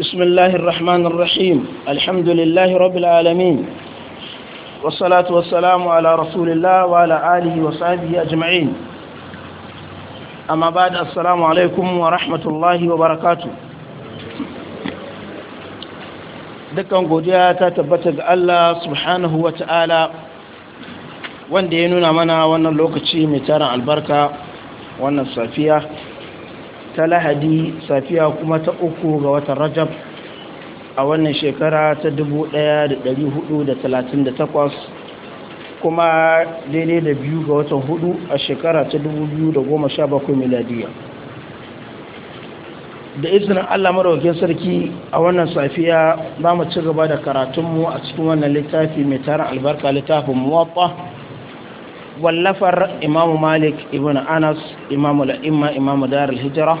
بسم الله الرحمن الرحيم الحمد لله رب العالمين والصلاة والسلام على رسول الله وعلى آله وصحبه أجمعين أما بعد السلام عليكم ورحمة الله وبركاته dukkan godiya ta tabbata ga Allah subhanahu wa ta'ala wanda ya nuna mana wannan lokaci mai tarin albarka wannan safiya ta lahadi safiya kuma ta uku ga watan rajab a wannan shekara ta 1438 kuma daidai da biyu ga watan hudu a shekara ta 2017 miladiya da izinin allah marauke sarki a wannan safiya za mu ci gaba da karatunmu a cikin wannan littafi mai tarin albarka littafin muwaɓa wallafar imamu malik ibn anas imamu la'imma imamu darul hijira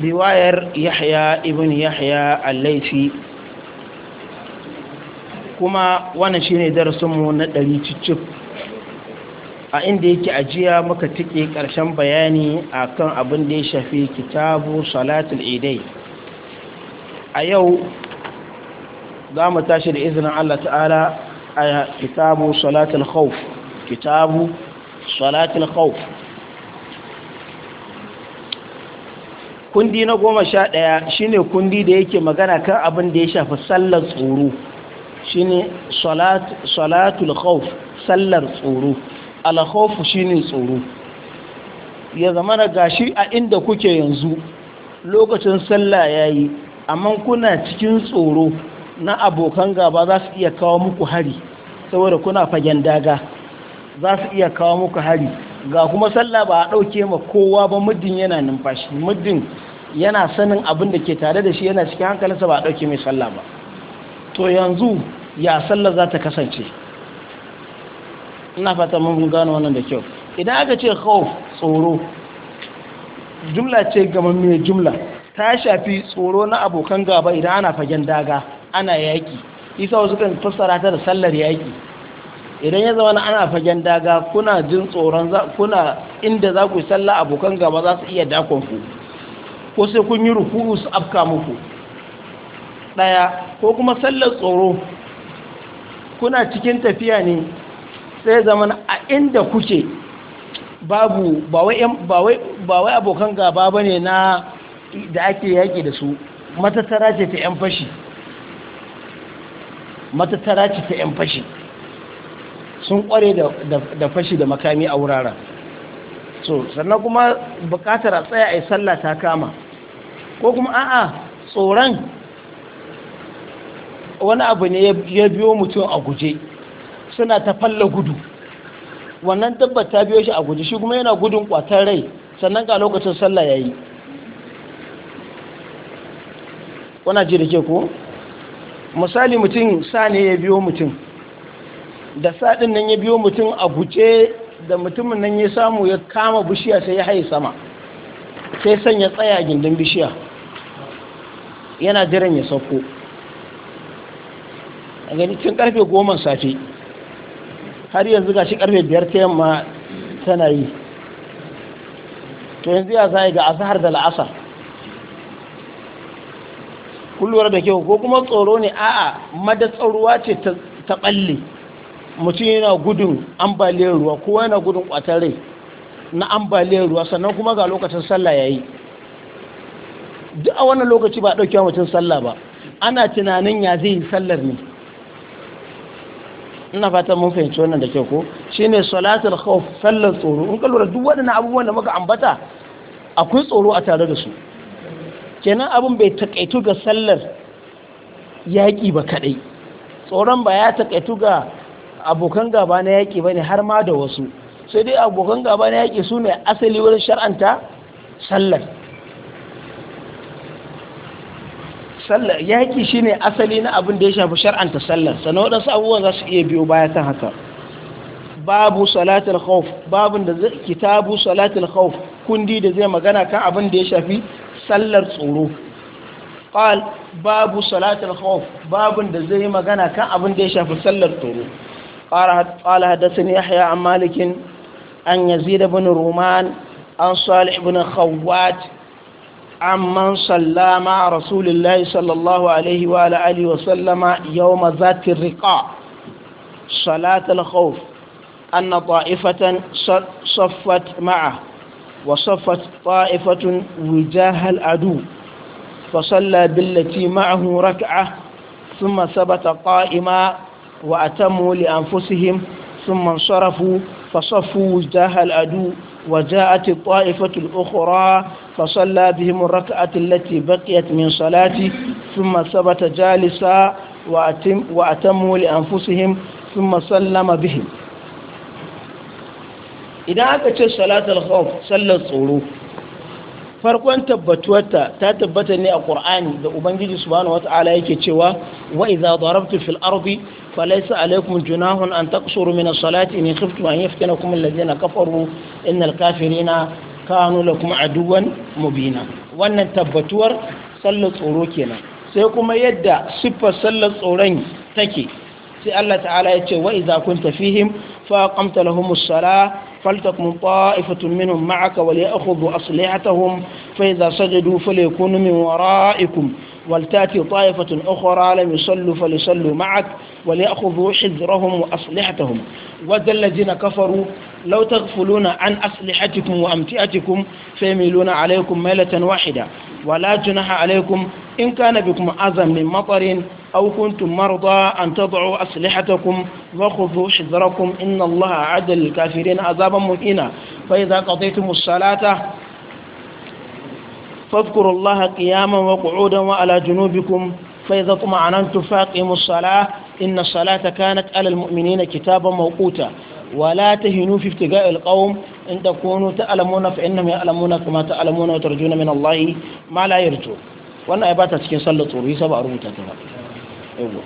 riwayar yahya ibn yahya al-laifi kuma wannan shine darasinmu na ɗari cicif a inda yake ajiya muka tike ƙarshen bayani kan abin da ya shafi kitabu salatul idai a yau za mu tashi da izinin Allah ta'ala a kitabu salatul khawf kitabu salatul kundi na goma sha ɗaya shine kundi da yake magana kan abin da ya shafi sallar tsoro shine salatul khawf sallar tsoro alkhawf shine tsoro ya zama na gashi a inda kuke yanzu lokacin sallah yayi amma kuna cikin tsoro na abokan gaba za su iya kawo muku hari saboda kuna fagen daga za su iya kawo muku hari ga kuma sallah ba a ɗauke ma kowa ba muddin yana numfashi muddin yana sanin abin da ke tare da shi yana cikin hankalinsa ba a ɗauke mai sallah ba to yanzu ya sallah za ta kasance ina fata mun gano wannan da kyau idan aka ce khauf tsoro jumla ce gama mai jumla ta shafi tsoro na abokan gaba idan ana fagen daga ana yaki isa wasu kan fassara ta da sallar yaki idan ya zama ana fagen daga kuna jin tsoron kuna inda za ku salla abokan gaba za su iya dakon ku ko sai kun yi ruku'u su afka muku ɗaya ko kuma sallar tsoro kuna cikin tafiya ne sai zama a inda kuke babu ba abokan gaba ba ne na da ake yaƙi da su matattara ce ta 'yan fashi matattara ce ta 'yan fashi sun kware da fashi da makami a wuraren so sannan kuma bukatar a tsaya a yi sallah ta kama ko kuma a'a tsoron wani abu ne ya biyo mutum a guje suna ta falla gudu wannan dabba ta biyo shi a guje shi kuma yana gudun kwatar rai sannan ga lokacin sallah ya yi wana ji da ke ko misali mutum sa ne ya biyo mutum da saɗin nan ya biyo mutum a guje da mutumin nan ya samu ya kama bishiya sai ya haye sama sai sanya tsaya gindin bishiya yana jiran ya sauko a gani cin karfe goma safe har yanzu ga shi karfe biyar ta yamma tana yi to yanzu ya za ga asahar da la'asar kullum da kyau ko kuma tsoro ne a'a madatsarwa ce ta ɓalle mutum yana gudun ambaliyar ruwa kowa yana gudun kwatar rai na ambaliyar ruwa sannan kuma ga lokacin sallah yayi duk a wannan lokaci ba dauke mutum sallah ba ana tunanin ya zai yi sallar ne ina fatan mun fahimci wannan da ke ko shine salatul khawf sallar tsoro in ka duk waɗannan abubuwan da muka ambata akwai tsoro a tare da su kenan abun bai takaitu ga sallar yaƙi ba kaɗai tsoron ba ya takaitu ga abokan gaba na yaƙi ba ne har ma da wasu sai dai abokan gaba na yaƙi su ne asali wurin shar'anta sallar sallar yaƙi shi ne asali na abin da ya shafi shar'anta sallar sannan waɗansu abubuwan za su iya biyo baya kan haka babu salatul khawf babin da kitabu salatul khawf kundi da zai magana kan abin da ya shafi sallar tsoro qal babu salatul khawf babin da zai magana kan abin da ya shafi sallar tsoro قال حدثني يحيى عن مالك عن يزيد بن رومان عن صالح بن خوات عن من صلى مع رسول الله صلى الله عليه وعلى آله وسلم يوم ذات الرقاع صلاة الخوف أن طائفة صفت معه وصفت طائفة وجاه العدو فصلى بالتي معه ركعة ثم ثبت قائما وأتموا لأنفسهم ثم انصرفوا فصفوا وجاه العدو وجاءت الطائفة الأخرى فصلى بهم الركعة التي بقيت من صلاته ثم ثبت جالسا وأتم وأتموا لأنفسهم ثم سلم بهم إذا أكتش صلاة الخوف صلى الصروف farkon tabbatuwarta ta tabbata ne a ƙur'ani da ubangiji subhanahu wata'ala yake cewa wa idza darabtu fil ardi falaysa alaykum junahun an taqsuru min as-salati in khiftum an yaftinakum alladhina kafaru innal kafirina kanu lakum aduwwan mubina wannan tabbatuwar sallar tsoro kenan sai kuma yadda siffar sallar tsoron take sai Allah ta'ala ya ce wa idza kunta fihim فأقمت لهم الصلاة فلتكن طائفة منهم معك وليأخذوا أسلحتهم فإذا سجدوا فليكونوا من ورائكم ولتأتي طائفة أخرى لم يصلوا فليصلوا معك وليأخذوا حذرهم وأسلحتهم ودى الذين كفروا لو تغفلون عن أسلحتكم وأمتئتكم فيميلون عليكم ميلة واحدة ولا جنح عليكم إن كان بكم أذى من مطر أو كنتم مرضى أن تضعوا أسلحتكم وخذوا حذركم إن الله أعد للكافرين عذابا مهينا فإذا قضيتم الصلاة فاذكروا الله قياما وقعودا وعلى جنوبكم فإذا اطمعننتم فاقموا الصلاة إن الصلاة كانت على المؤمنين كتابا موقوتا ولا تهنوا في ابتغاء القوم إن تكونوا تألمون فإنهم يألمون كما تألمون وترجون من الله ما لا يرجو وأنا أبات أتكين صلى طوري سبأ رمتا تبقى yawa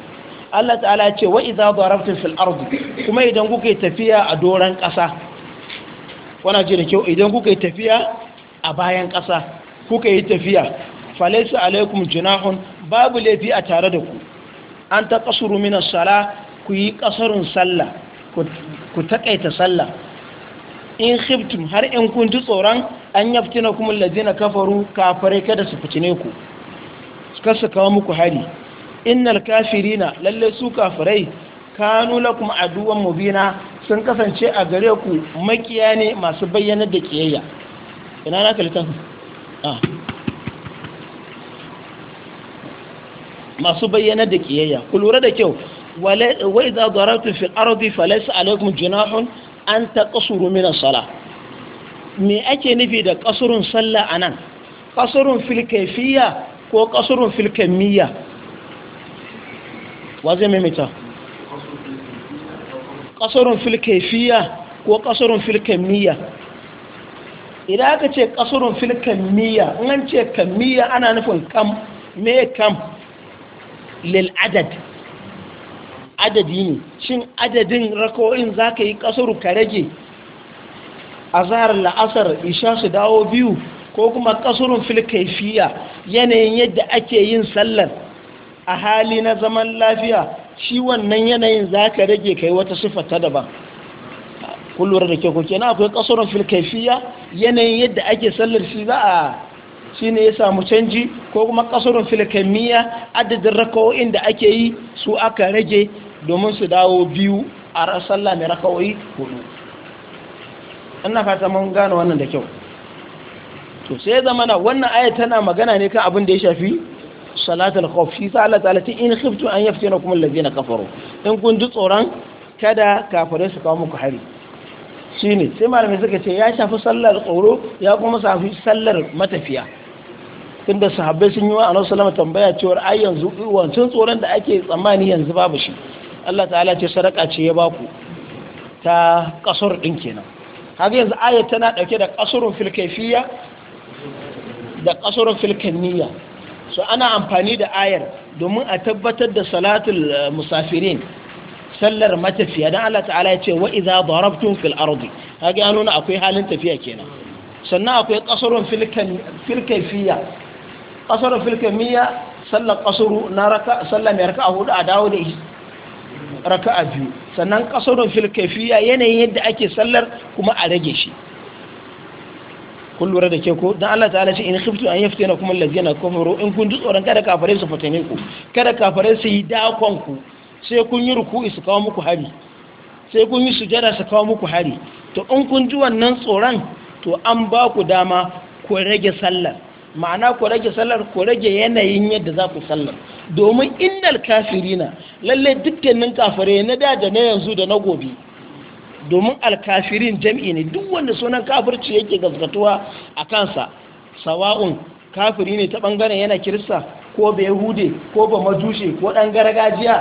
Allah ta'ala ce wa idza darabtum fil ardi kuma idan kuka yi tafiya a doran ƙasa wana ji da kyau idan kuka yi tafiya a bayan ƙasa kuka yi tafiya falaysa alaikum junahun babu laifi a tare da ku an ta kasuru min as-sala ku yi kasarun sallah ku takaita sallah in khiftum har in kun ji tsoron an yaftina kuma Ladina kafaru kafare kada su fitine ku suka su kawo muku hari innal kafirina lalle su kafirai kanu lakum aduwan mubina sun kasance a gare ku makiya ne masu bayyana da kiyayya ina na kalitan masu bayyanar da kiyayya ku lura da kyau wa idza darabtu fil ardi falaysa alaykum junahun an taqsuru min as Sala. me ake nufi da qasurun sallah anan qasurun fil kayfiyya ko qasurun fil kamiyya wa zai maimaita ƙasarun filkaifiya ko ƙasarun fil miya? idan aka ce ƙasarun fil kamiyya in an ce miya ana nufin kam me kam lil adad adadi ne shin adadin rako'in za ka yi ƙasaru ka rage zahar la'asar isha su dawo biyu ko kuma ƙasarun filkaifiya yanayin yadda ake yin sallar a hali na zaman lafiya shi wannan yanayin za ka rage kai wata siffar ta daban kun da ke kuke na akwai kasoron filkaifiya yanayin yadda ake sallar shi za a shi ne ya samu canji ko kuma kasoron filkaimiya adadin rakawo'in da ake yi su aka rage domin su dawo biyu a sallah mai rakawo'i hudu ina fata mun gane wannan da kyau to sai zamana wannan aya tana magana ne kan abin da ya shafi al khawf shi sa Allah ta'ala ce in khiftu an yaftinakum alladhina kafaru in kun ji tsoron kada kafirai su kawo muku hari shine sai malamai suka ce ya shafi sallar tsoro ya kuma shafi sallar matafiya tunda sahabbai sun yi wa annabi sallama tambaya cewa ai yanzu wancan tsoron da ake tsammani yanzu babu shi Allah ta'ala ce sadaka ce ya baku ta kasur din kenan haka yanzu ayat tana dauke da kasurun fil da kasurun fil so ana amfani da ayar domin a tabbatar da salatul eh, musafirin sallar matafiya dan Allah ta'ala ya ce wa idza darabtum fil ardi kage an nuna akwai halin tafiya kenan sannan akwai qasrun fil kayfiyya qasrun fil sallar qasru na raka sallar mai raka hudu a dawo da raka'a biyu sannan qasrun fil yanayin yadda ake sallar kuma a rage shi kun lura da ke ko dan Allah ta'ala ce in khiftu an yaftina kuma allazina kafaru in kun ji tsoron kada kafare su fatane ku kada kafare su yi dakon ku sai kun yi ruku'i su kawo muku hari sai kun yi sujada su kawo muku hari to in kun ji wannan tsoron to an ba ku dama ku rage sallar ma'ana ku rage sallar ku rage yanayin yadda za ku sallar domin innal kafirina lalle dukkanin kafare na da da na yanzu da na gobe domin alkafirin jam'i ne duk wanda sunan kafirci yake gaskatuwa a kansa sawa'un kafiri ne ta ɓangaren yana kirista ko bai hude, ko ba majushe ko ɗan gargajiya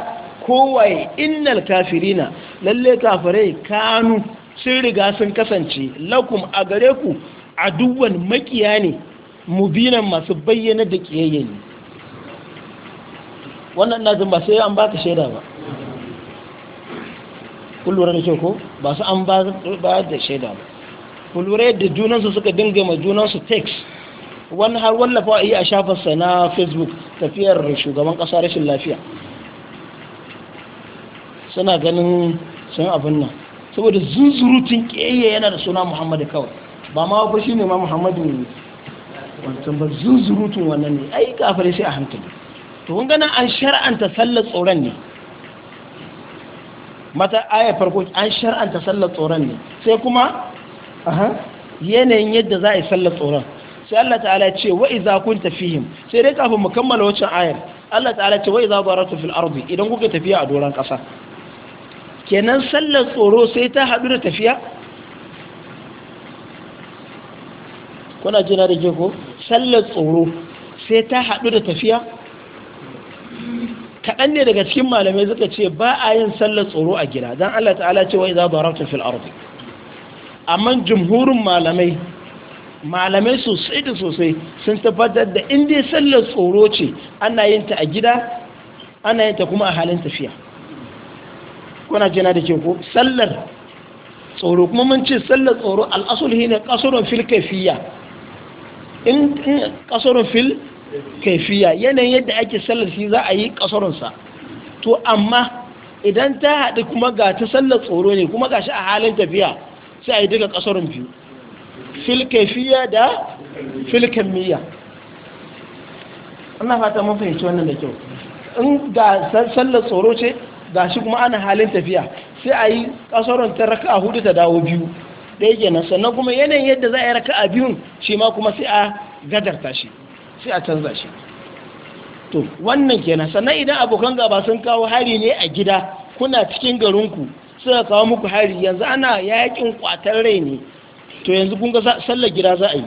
kowaye innal kafirina lalle kafirai kanu sun riga sun kasance lakum a gare ku a duwan makiya ne mubinan masu bayyana da ƙiyayyen wannan na ba sai an baka shaida ba kun lura da ko ba su an ba da shaida ba kun lura yadda junansu suka dinga ma junansu text wani har wallafa a yi a shafarsa na facebook tafiyar shugaban kasa rashin lafiya suna ganin sun abin nan saboda zuzurutun ƙeyya yana da suna muhammadu kawai ba ma ba shi ne ma muhammadu wancan ba zuzurutun wannan ne ai kafare sai a hankali to kun gana an shar'anta sallar tsoron ne mata ayar farko an shar'anta sallar tsoron ne sai kuma yanayin yadda za a yi sallar tsoron sai Allah ta'ala ce wa idza tafi fihim sai dai kafin mu kammala wancan ayar Allah ta'ala ce wa idza daratu fil ardi idan kuka tafiya a doran kasa kenan sallar tsoro sai ta hadu da tafiya kuna jina da ke ko sallar tsoro sai ta hadu da tafiya kaɗan ne daga cikin malamai suka ce ba a yin sallar tsoro a gida don Allah ta'ala ce wa iza darabta fil ardi amma jumhurin malamai malamai sosai da sosai sun tabbatar da in dai sallar tsoro ce ana yin ta a gida ana yin ta kuma a halin tafiya kuna jina da ke ko sallar tsoro kuma mun ce sallar tsoro al'asul ne kasurun fil kafiya in kasurun fil kaifiya yanayin yadda ake sallar shi za a yi kasarunsa to amma idan ta haɗu kuma ga ta sallar tsoro ne kuma ga shi a halin tafiya sai a yi duka kasarun biyu fil kaifiya da fil kammiya ana fata mun fahimci wannan da kyau in ga sallar tsoro ce ga shi kuma ana halin tafiya sai a yi kasarun ta raka a hudu ta dawo biyu ɗaya kenan sannan kuma yanayin yadda za a yi raka a biyun shi ma kuma sai a gadarta shi sai a canza shi to wannan kenan sannan idan abokan gaba sun kawo hari ne a gida kuna cikin garinku suka kawo muku hari yanzu ana yakin kwatar rai ne to yanzu kun ga sallar gida za a yi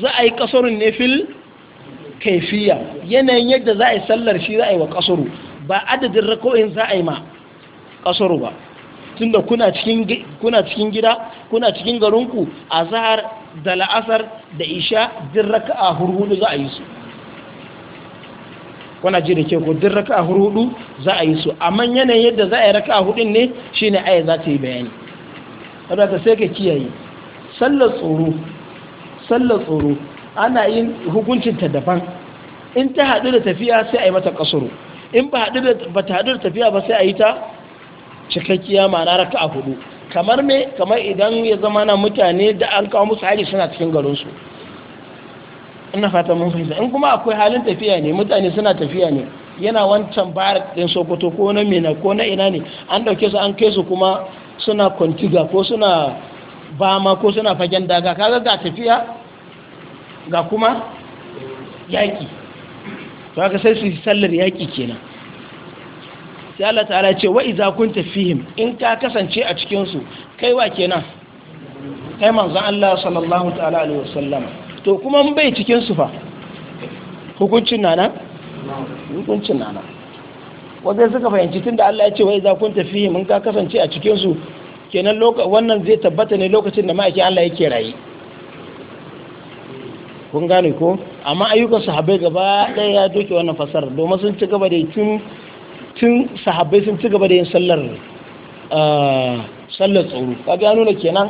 za a yi kasarun ne fil kaifiya yanayin yadda za a yi sallar shi za a yi wa kasaru ba adadin rako'in za a yi ma kasaru ba tunda kuna kuna cikin gida kuna cikin garinku a zahar da la'asar da isha din raka a hurhudu za a yi su Wana ji da ke ko din raka a hurhudu za a yi su amma yanayin yadda za a yi a hudun ne shine aya za ta yi bayani saboda sai ka kiyaye sallar tsoro sallar tsoro ana yi hukuncinta daban in ta haɗu da tafiya sai a yi mata kasuru in ba ta haɗu da tafiya ba sai a yi ta cikakkiya ma'ana a hudu kamar me kamar idan ya zama na mutane da an kawo musu hari suna cikin garinsu ina fata mun fahimta in kuma akwai halin tafiya ne mutane suna tafiya ne yana wancan barak din sokoto ko na mina ko na ina ne an ɗauke su an kai su kuma suna kwantiga ko suna bama ko suna fagen daga kaga ga tafiya ga kuma yaƙi to haka sai su sallar yaki kenan sai Allah ta'ala ce wa iza kunta fihim in ka kasance a cikin su kai wa kenan kai manzon Allah sallallahu ta'ala alaihi wasallam to kuma mun bai cikin su fa hukuncin nana hukuncin nana wanda suka fahimci tunda Allah ya ce wa iza kunta fihim in ka kasance a cikin su kenan wannan zai tabbata ne lokacin da ma'aikin Allah yake rayi kun gane ko amma ayyukan sahabbai gaba ɗaya ya doke wannan fasarar domin sun ci gaba da tun tun sahabbai sun ci gaba da yin sallar ah, sallar tsoro kaga ya nuna kenan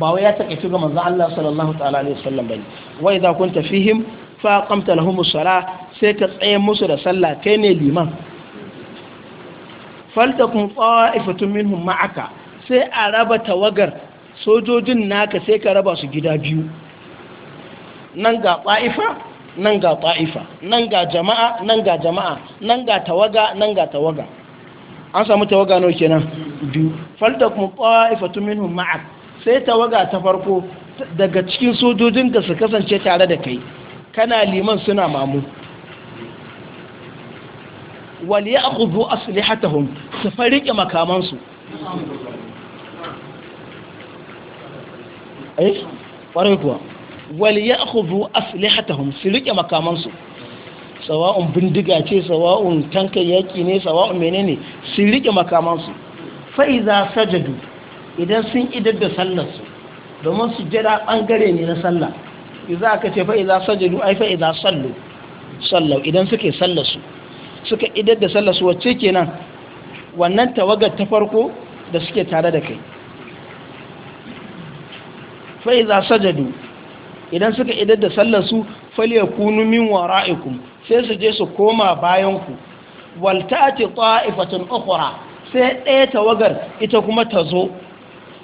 ba wai ya takaitu ga manzon Allah sallallahu ta'ala alaihi wasallam bane wa idza kunta fihim fa qamta lahum as-salah sai ka tsaye musu da sallah kai ne liman faltakun ta'ifatun minhum ma'aka sai a raba tawagar sojojin naka sai ka raba su gida biyu nan ga ta'ifa nan ga ta'ifa nan ga jama'a nan ga jama'a nan ga tawaga nan ga tawaga an samu tawaga nawa kenan biyu falta kuma ta'ifatu minhum ma'ak sai tawaga ta farko daga cikin sojojin da su kasance tare da kai kana liman suna mamu wal ya'khudhu aslihatahum su farike su eh kwarai kuwa wal ya'khudhu aslihatahum su rike makamansu sawa'un bindiga ce sawa'un tankan yaki ne sawa'un menene su rike makamansu Fa'iza sajadu idan sun idar da domin su jira bangare ne na sallah Iza aka ce fa'iza sajadu ai fa'iza idza sallu sallau idan suke sallarsu suka idar da sallarsu. wacce kenan wannan tawagar ta farko da suke tare da kai Fa'iza sajadu idan suka idar da sallar su falyakunu min wara'ikum sai su je su koma bayan ku wal ta'ati ta'ifatun ukhra sai ɗaya tawagar ita kuma ta zo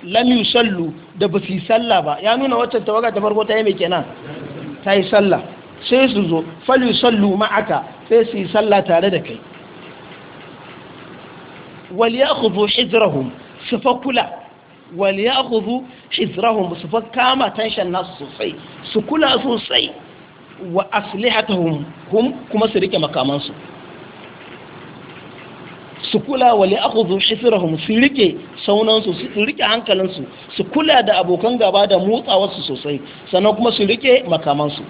lam yusallu da ba su sallah ba ya nuna wacce tawaga ta farko ta yi mai kenan ta yi sallah sai su zo fal yusallu ma'aka sai su yi sallah tare da kai wal ya'khudhu hijrahum su fa kula wal ya ya'khudhu hizrahum su fa kama tanshan nasu sosai su kula sosai wa aslihatahum hum kuma su rike makamansu su kula wa li'akhudhu hifrahum su rike saunansu su rike hankalinsu su kula da abokan gaba da motsawarsu sosai sannan kuma su rike makamansu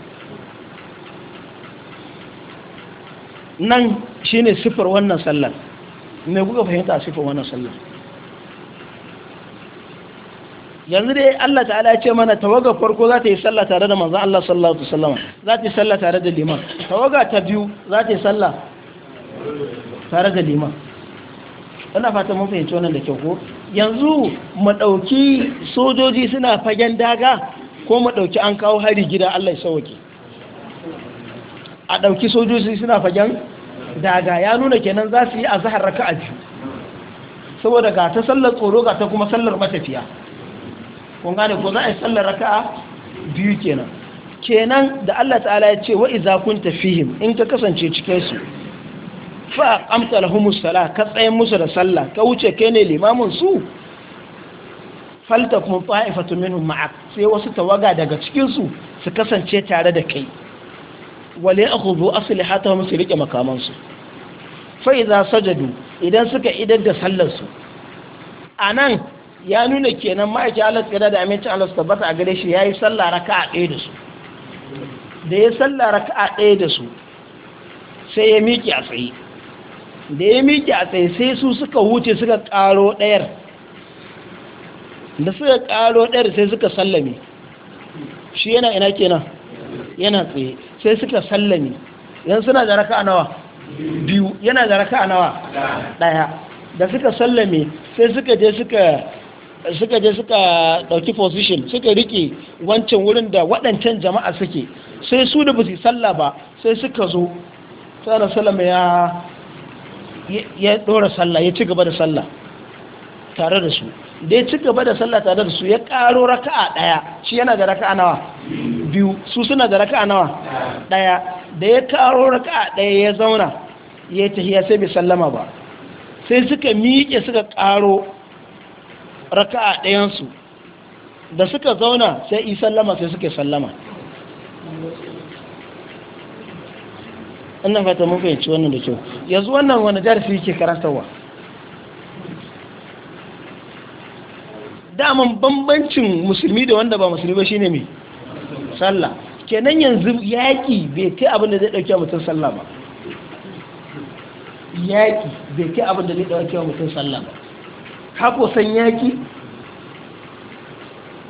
nan shine sifar wannan sallar me kuka fahimta sifar wannan sallar yanzu dai Allah ta'ala ya ce mana tawaga farko za ta yi sallah tare da manzon Allah sallallahu alaihi wasallam za ta yi sallah tare da liman tawaga ta biyu za ta yi sallah tare da liman ina fata mun fahimci wannan da kyau ko yanzu mu dauki sojoji suna fagen daga ko mu dauki an kawo hari gida Allah ya sauke a dauki sojoji suna fagen daga ya nuna kenan za su yi azhar raka'a biyu saboda ga ta sallar tsoro ga ta kuma sallar matafiya kun gane ko za a yi sallar raka'a biyu kenan kenan da Allah ta'ala ya ce wa iza kunta fihim in ka kasance cikin su fa amta lahumu sala ka tsayin musu da sallah ka wuce kai ne limamin su falta kuma ta'ifatu minhum ma'ak sai wasu tawaga daga cikin su su kasance tare da kai wale akhudhu aslihatahum su rike makaman su fa iza sajadu idan suka idar da sallar su anan ya nuna kenan ma'aikin Allah tsada da amincin Allah su tabbata a gare shi ya yi sallah raka a ɗaya da su da ya sallah raka a ɗaya da su sai ya miƙe a tsaye da ya miƙe a tsaye sai su suka wuce suka ƙaro ɗayar da suka ƙaro ɗayar sai suka sallame shi yana ina kenan yana tsaye sai suka sallame yan suna da raka nawa biyu yana da raka nawa ɗaya da suka sallame sai suka je suka suka je suka dauki position suka rike wancan wurin da waɗancan jama'a suke sai su da busi sallah ba sai suka zo sallallahu sallama ya ya dora sallah ya ci gaba da sallah tare da su da ya ci gaba da sallah tare da su ya karo raka'a daya shi yana da raka'a nawa biyu su suna da raka'a nawa daya da ya karo raka'a daya ya zauna ya tahiya sai bai sallama ba sai suka miƙe suka karo raka'a ɗayansu da suka zauna sai yi sallama sai suke sallama ina fata mun fahimci wannan da kyau yanzu wannan wani jarfi yake karantarwa daman bambancin musulmi da wanda ba musulmi ba shine mai sallah kenan yanzu yaƙi bai kai abin da zai a mutum tsalla ba yaƙi bai kai abin da zai a mutum sallah ba hako san yaki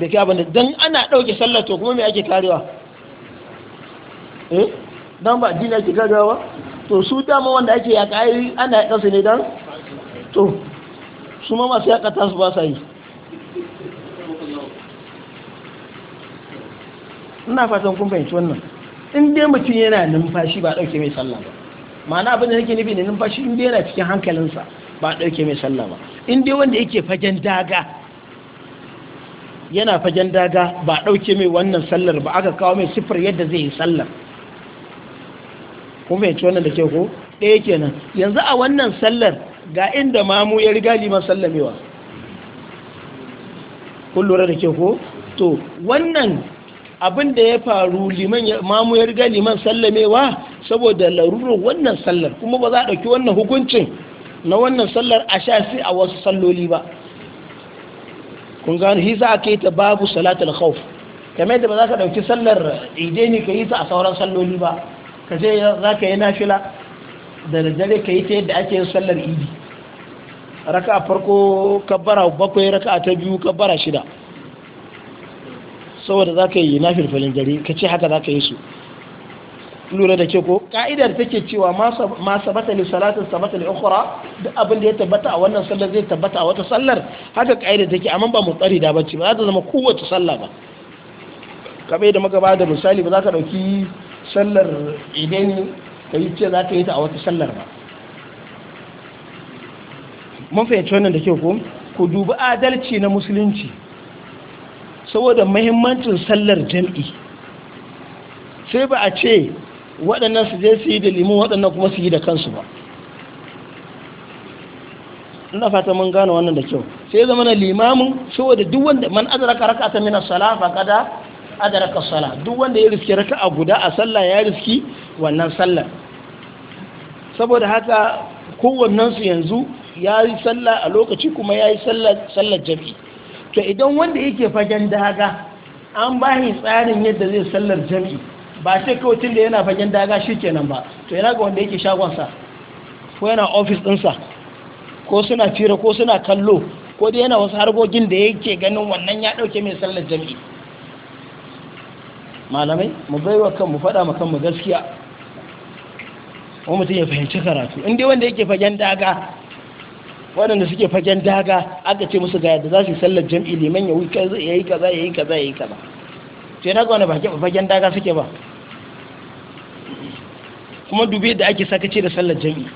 da ke abinda don ana ɗauke sallar to kuma mai ake karewa eh don ba dina ake karewa ba to su dama wanda ake ya kayi ana yaƙa su ne don to su ma masu yaka ta su ba sa yi ina fatan kun fahimci wannan in dai mutum yana numfashi ba ɗauke mai sallah ba ma'ana abin da nake nufi ne numfashi in dai yana cikin hankalinsa ba ɗauke mai sallah ba in dai wanda yake fagen daga yana fagen daga ba ɗauke mai wannan sallar ba aka kawo mai siffar yadda zai yi sallar kuma yanci wannan da ke ko ɗaya kenan yanzu a wannan sallar ga inda mamu ya riga liman sallamewa kun da ke ko to wannan abin da ya faru liman mamu ya riga liman sallamewa saboda larurar wannan sallar kuma ba za a ɗauki wannan hukuncin na wannan sallar a sha sai a wasu salloli ba kun gano shi za a kai ta babu salatul khawf kamar da ba za ka ɗauki sallar ide ne ka yi ta a sauran salloli ba ka je za ka yi nafila da daddare ka yi ta yadda ake yin sallar idi raka a farko kabbara bakwai raka ta biyu kabbara shida saboda za ka yi nafilfalin dare ka ce haka za ka yi su lura da ke ko ka'idar take cewa ma sabata li salatin sabata li ukhra duk abin da ya tabbata a wannan sallar zai tabbata a wata sallar haka ka'idar take amma ba mu tsari da bacci ba za ta zama kowace salla ba kabe da muka bada misali ba za ka dauki sallar idan ka yi ce za ka yi ta a wata sallar ba mun fahimci wannan da ke ko ku dubi adalci na musulunci saboda muhimmancin sallar jam'i sai ba a ce waɗannan su je su yi da liman waɗannan kuma su yi da kansu ba ina fata mun gane wannan da kyau sai zama na limamin saboda duk wanda man adraka ta min sala salah kada adraka sala duk wanda ya riski a guda a sallah ya riski wannan sallar saboda haka kowannen su yanzu ya yi sallah a lokaci kuma ya yi sallar jami'i to idan wanda yake fagen daga an ba tsarin yadda zai sallar jami'i ba sai kawai tun da yana fagen daga shi kenan ba to yana ga wanda yake shagonsa ko yana ofis ɗinsa ko suna fira ko suna kallo ko dai yana wasu harkokin da yake ganin wannan ya ɗauke mai sallar jami'i malamai mu bai wa kanmu faɗa ma kanmu gaskiya ko mutum ya fahimci karatu inda wanda yake fagen daga waɗanda suke fagen daga aka ce musu ga yadda za su yi sallar jam'i liman ya yi kaza ya yi kaza ya yi kaza ya yi kaza sai na ga wani fagen daga suke ba kuma dubi da ake sakace da sallar jami'i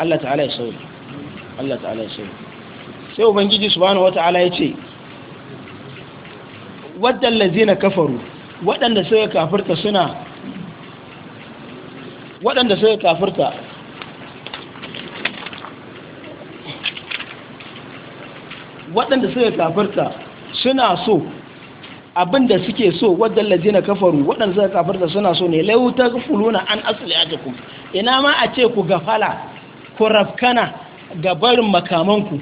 Allah ta'ala ya sauri Allah ta'ala ya sauri sai ubangiji subhanahu wata'ala ya ce waɗanda zai na kafaru waɗanda suka kafirta suna waɗanda suka kafirta waɗanda ya kafirta suna so Abin da suke so wadan lazina kafaru waɗanda suka da suna so ne lauta fuluna an asali ku. ina ma a ce ku gafala ku rafkana ga barin makamanku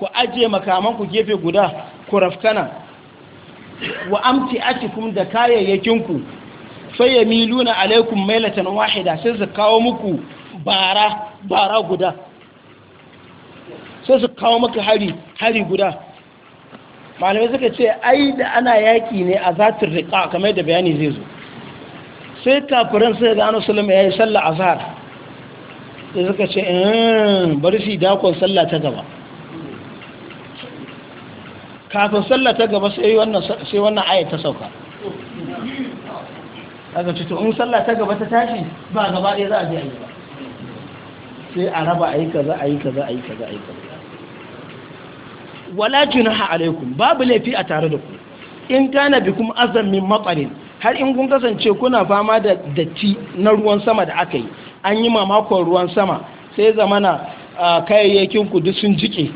ku ajiye makamanku gefe guda ku rafkana wa amti atikum da kayayyakinku fayyamiluna alaikum mailatan wahida sai su kawo muku bara guda sai su kawo maka hari guda malamai suka ce ai da ana yaki ne a zatin riƙa kamar da bayani zai zo sai kafirin sai ga anu sulama ya yi sallah a zahar da suka ce hmm, bari su dakon sallah ta gaba kafin sallah ta gaba sai wannan ayat ta sauka aka ce in sallah ta gaba ta tashi ba gaba ɗaya za a je a yi ba sai a raba a yi kaza a yi kaza a yi kaza a yi kaza wala junaha alaikum babu laifi a tare da ku in kana kuma azan min matsarin har in kun kasance kuna fama da datti na ruwan sama da aka yi an yi mamakon ruwan sama sai zamana kayayyakin ku duk sun jike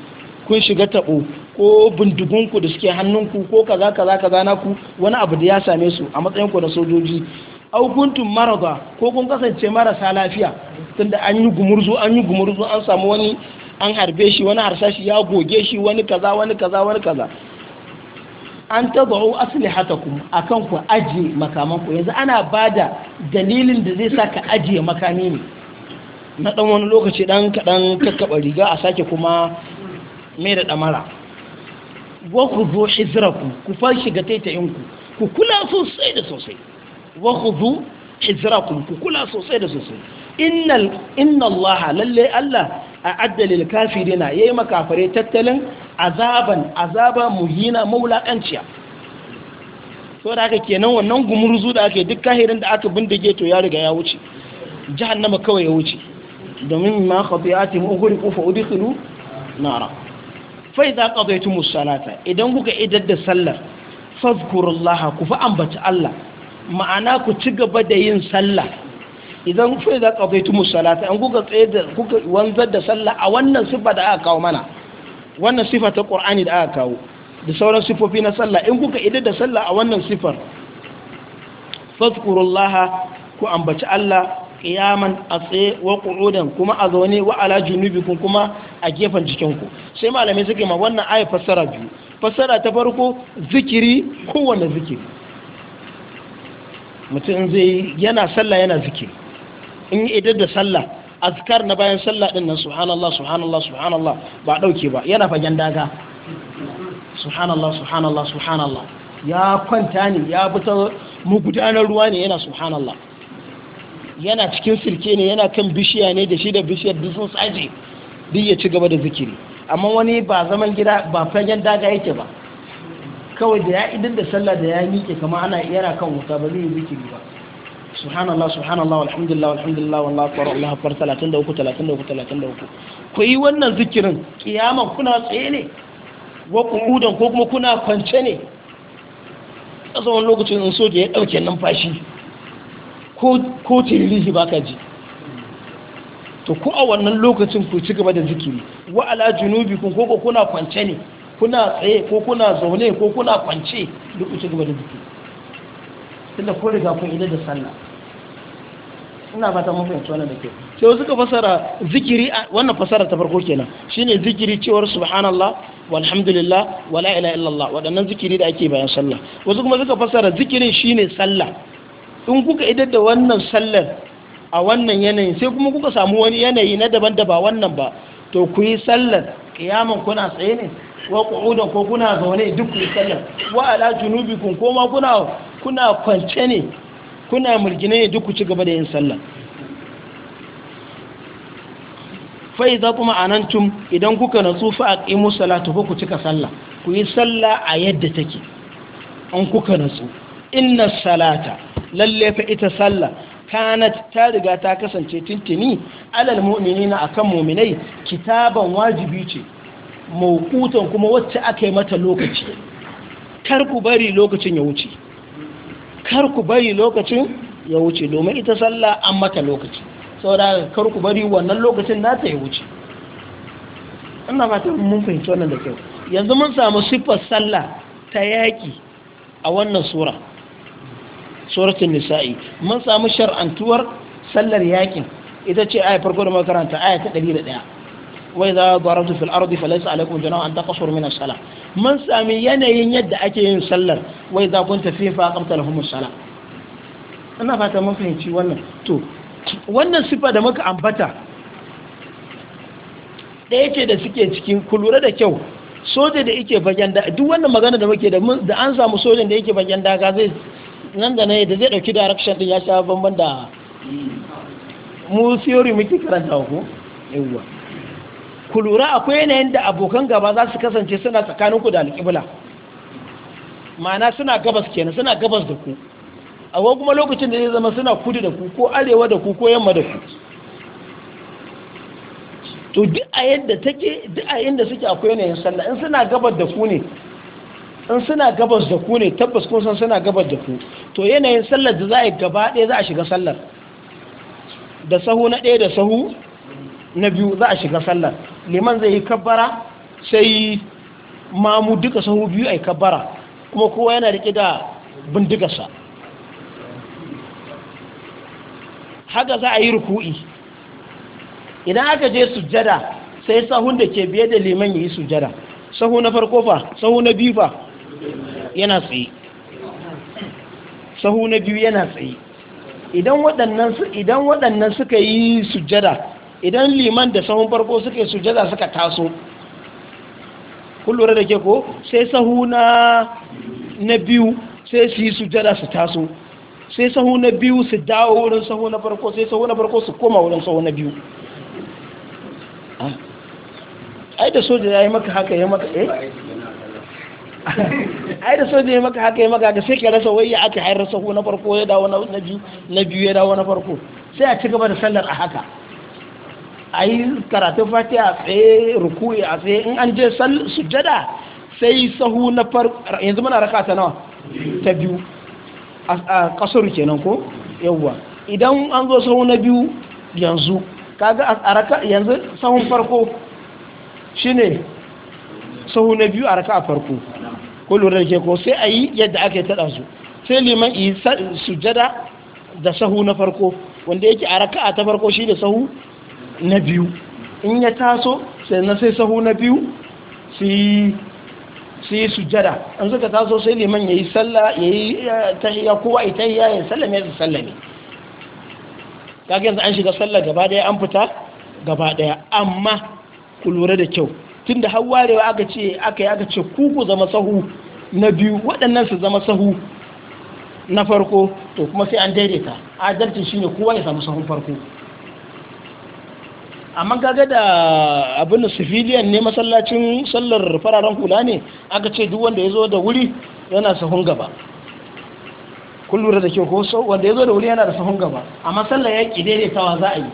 kun shiga tabo ko bindigun ku da suke hannunku ko kaza kaza kaza na ku wani abu da ya same su a matsayin ku na sojoji au kuntum marada ko kun kasance marasa lafiya tunda an yi gumurzu an yi gumurzu an samu wani an harbe shi wani harsashi ya goge shi wani kaza wani kaza wani kaza an asali kuma a akan ku ajiye makaman ku yanzu ana ba da dalilin da zai sa ka ajiye makami ne na ɗan wani lokaci ɗan kaɗan kakkaɓa riga a sake kuma mai da ɗamara wa ku zo hizrakum ku fa shiga taitayin ku ku kula sosai da sosai wa ku zo hizrakum ku kula sosai da sosai innal inna allaha lalle allah a addalil kafirina ya yi makafare tattalin azaban azaba muhina maulaƙanciya so da aka kenan wannan gumurzu da ake duk kahirin da aka bindige to ya riga ya wuce jahannama kawai ya wuce domin ma khati'ati mu ughri qufa nara fa idza qadaytumus salata idan kuka idar da sallar fadhkurullaha ku fa ambata Allah ma'ana ku ci gaba da yin sallah idan fa za qadaytum salata an kuka tsaye da kuka wanzar da sallah a wannan sifa da aka kawo mana wannan sifa ta qur'ani da aka kawo da sauran sifofi na sallah in kuka idar da sallah a wannan sifar fadhkurullaha ku ambaci Allah qiyaman a tsaye wa qu'udan kuma a zaune wa ala kuma a gefen jikinku sai malamai suke ma wannan ayat fassara biyu fassara ta farko zikiri kowanne zikiri mutum zai yana sallah yana zikiri in yi idar da sallah azkar na bayan sallah din nan subhanallah subhanallah subhanallah ba dauke ba yana fagen daga subhanallah subhanallah subhanallah ya kwanta ne ya fita mugudanar ruwa ne yana subhanallah yana cikin sirke ne yana kan bishiya ne da shi da bishiyar dusun sun tsaje duk ya ci gaba da zikiri amma wani ba zaman gida ba fagen daga yake ba kawai da ya idan da sallah da ya miƙe kama ana yana kan wuta ba zai yi zikiri ba subhanallah subhanallah alhamdulillah alhamdulillah wallahu akbar Allahu akbar 33 33 33 ku yi wannan zikirin kiyama kuna tsaye ne wa qu'udan ko kuma kuna kwance ne tsawon lokacin in soja ya dauke numfashi ko ko tilihi baka ji to ku a wannan lokacin ku ci gaba da zikiri wa ala junubikum ko kuna kwance ne kuna tsaye ko kuna zaune ko kuna kwance duk ku ci gaba da zikiri tunda ko riga kun idan da sallah ina fata mun fahimci wannan da ke sai wasu fasara zikiri wannan fasara ta farko kenan shine zikiri cewar subhanallah walhamdulillah wala ilaha illallah wadannan zikiri da ake bayan sallah wasu kuma suka fasara zikirin shine sallah in kuka idar da wannan sallar a wannan yanayin sai kuma kuka samu wani yanayi na daban da ba wannan ba to ku yi sallar kiyaman kuna tsaye ne wa qu'udan ko kuna zaune duk ku yi sallar wa ala junubikum ko ma kuna kwance ne kuna mulkinai ne duk ku ci gaba da yin sallah fai za kuma anantum idan kuka natsu fa salatu salata ku cika sallah ku yi sallah a yadda take an kuka natsu inna salata lalle fa ita sallah kanat ta riga ta kasance tintini alal mu'minina akan mu'minai kitaban wajibi ce mawqutan kuma wacce aka yi mata lokaci kar ku bari lokacin ya wuce kar ku bari lokacin ya wuce domin ita sallah an mata lokaci saboda kar ku bari wannan lokacin nata ya wuce ina fatan mun fahimci wannan da kyau yanzu mun samu siffar sallah ta yaƙi a wannan sura suratul nisa'i mun samu shar'antuwar sallar yaƙin ita ce aya farko da makaranta aya ta 101 wa idza darabtu fil ardi falaysa alaykum junahun an taqsuru min as mun sami yanayin yadda ake yin sallar wai za kun tafi fa kamta lahumus sala ina fata mun fahimci wannan to wannan sifa da muka ambata da yake da suke cikin kulura da kyau soja da yake fagen daga duk wannan magana da muke da an samu sojan da yake fagen daga zai nan da ne da zai ɗauki direction din ya sha bamban da mu theory muke karanta ko yawwa ku lura akwai yanayin da abokan gaba za su kasance suna tsakaninku da alƙibla ma'ana suna gabas kenan suna gabas da ku akwai kuma lokacin da zai zama suna kudu da ku ko arewa da ku ko yamma da ku to duk a yadda take duk a inda suke akwai yanayin sallah in suna gabas da ku ne in suna gabas da ku ne tabbas kun san suna gabas da ku to yanayin sallar da za a yi gaba ɗaya za a shiga sallar da sahu na ɗaya da sahu na biyu za a shiga sallar liman zai yi kabbara sai mamu duka sahu biyu a kabbara kuma kowa yana rike da bindigarsa haka za a yi ruku'i idan aka je sujjada sai sahun da ke biye da liman ya yi sujjada sahu na farko fa sahu na biyu fa yana tsaye sahu na biyu yana tsaye idan waɗannan suka yi sujjada idan liman da sahun farko suke yi sujada suka taso kun da ke ko sai sahu na na biyu sai su yi sujada su taso sai sahu na biyu su dawo wurin sahu na farko sai sahu na farko su koma wurin sahu na biyu ah. ai da soja ya yi maka haka ya maka eh ai da soja ya maka haka ya maka da sai ka rasa wai ya aka hayar sahu na farko ya dawo na biyu na biyu ya dawo na farko sai a ci gaba da sallar a haka a yi karatun fati a tsaye rukuyi a tsaye in an je sujada sai sahu na farko yanzu muna raka ta nawa ta biyu a kasar kenan ko yawwa idan an zo sahu na biyu yanzu kaga a raka yanzu sahun farko shine sahu na biyu a raka farko ko lura da ke ko sai a yi yadda ake taɗa su sai liman yi sujada da sahu na farko wanda yake a raka ta farko shi da sahu na biyu in ya taso sai na sai sahu na biyu su yi sujada an suka taso sai liman ya yi sallah ya yi tahiyya kowa ya tahiya ya sallame su sallame kaga yanzu an shiga sallah gaba daya an fita gaba daya amma ku lura da kyau Tun da hawarewa aka ce aka yi aka ce ku zama sahu na biyu waɗannan su zama sahu na farko to kuma sai an daidaita adalci shine kowa ya samu sahun farko amma kaga da abin civilian ne masallacin sallar fararen hula ne aka ce duk wanda ya zo da wuri yana sahun gaba kun lura da kyau ko wanda ya zo da wuri yana da sahun gaba amma sallar yaƙi daidaitawa za a yi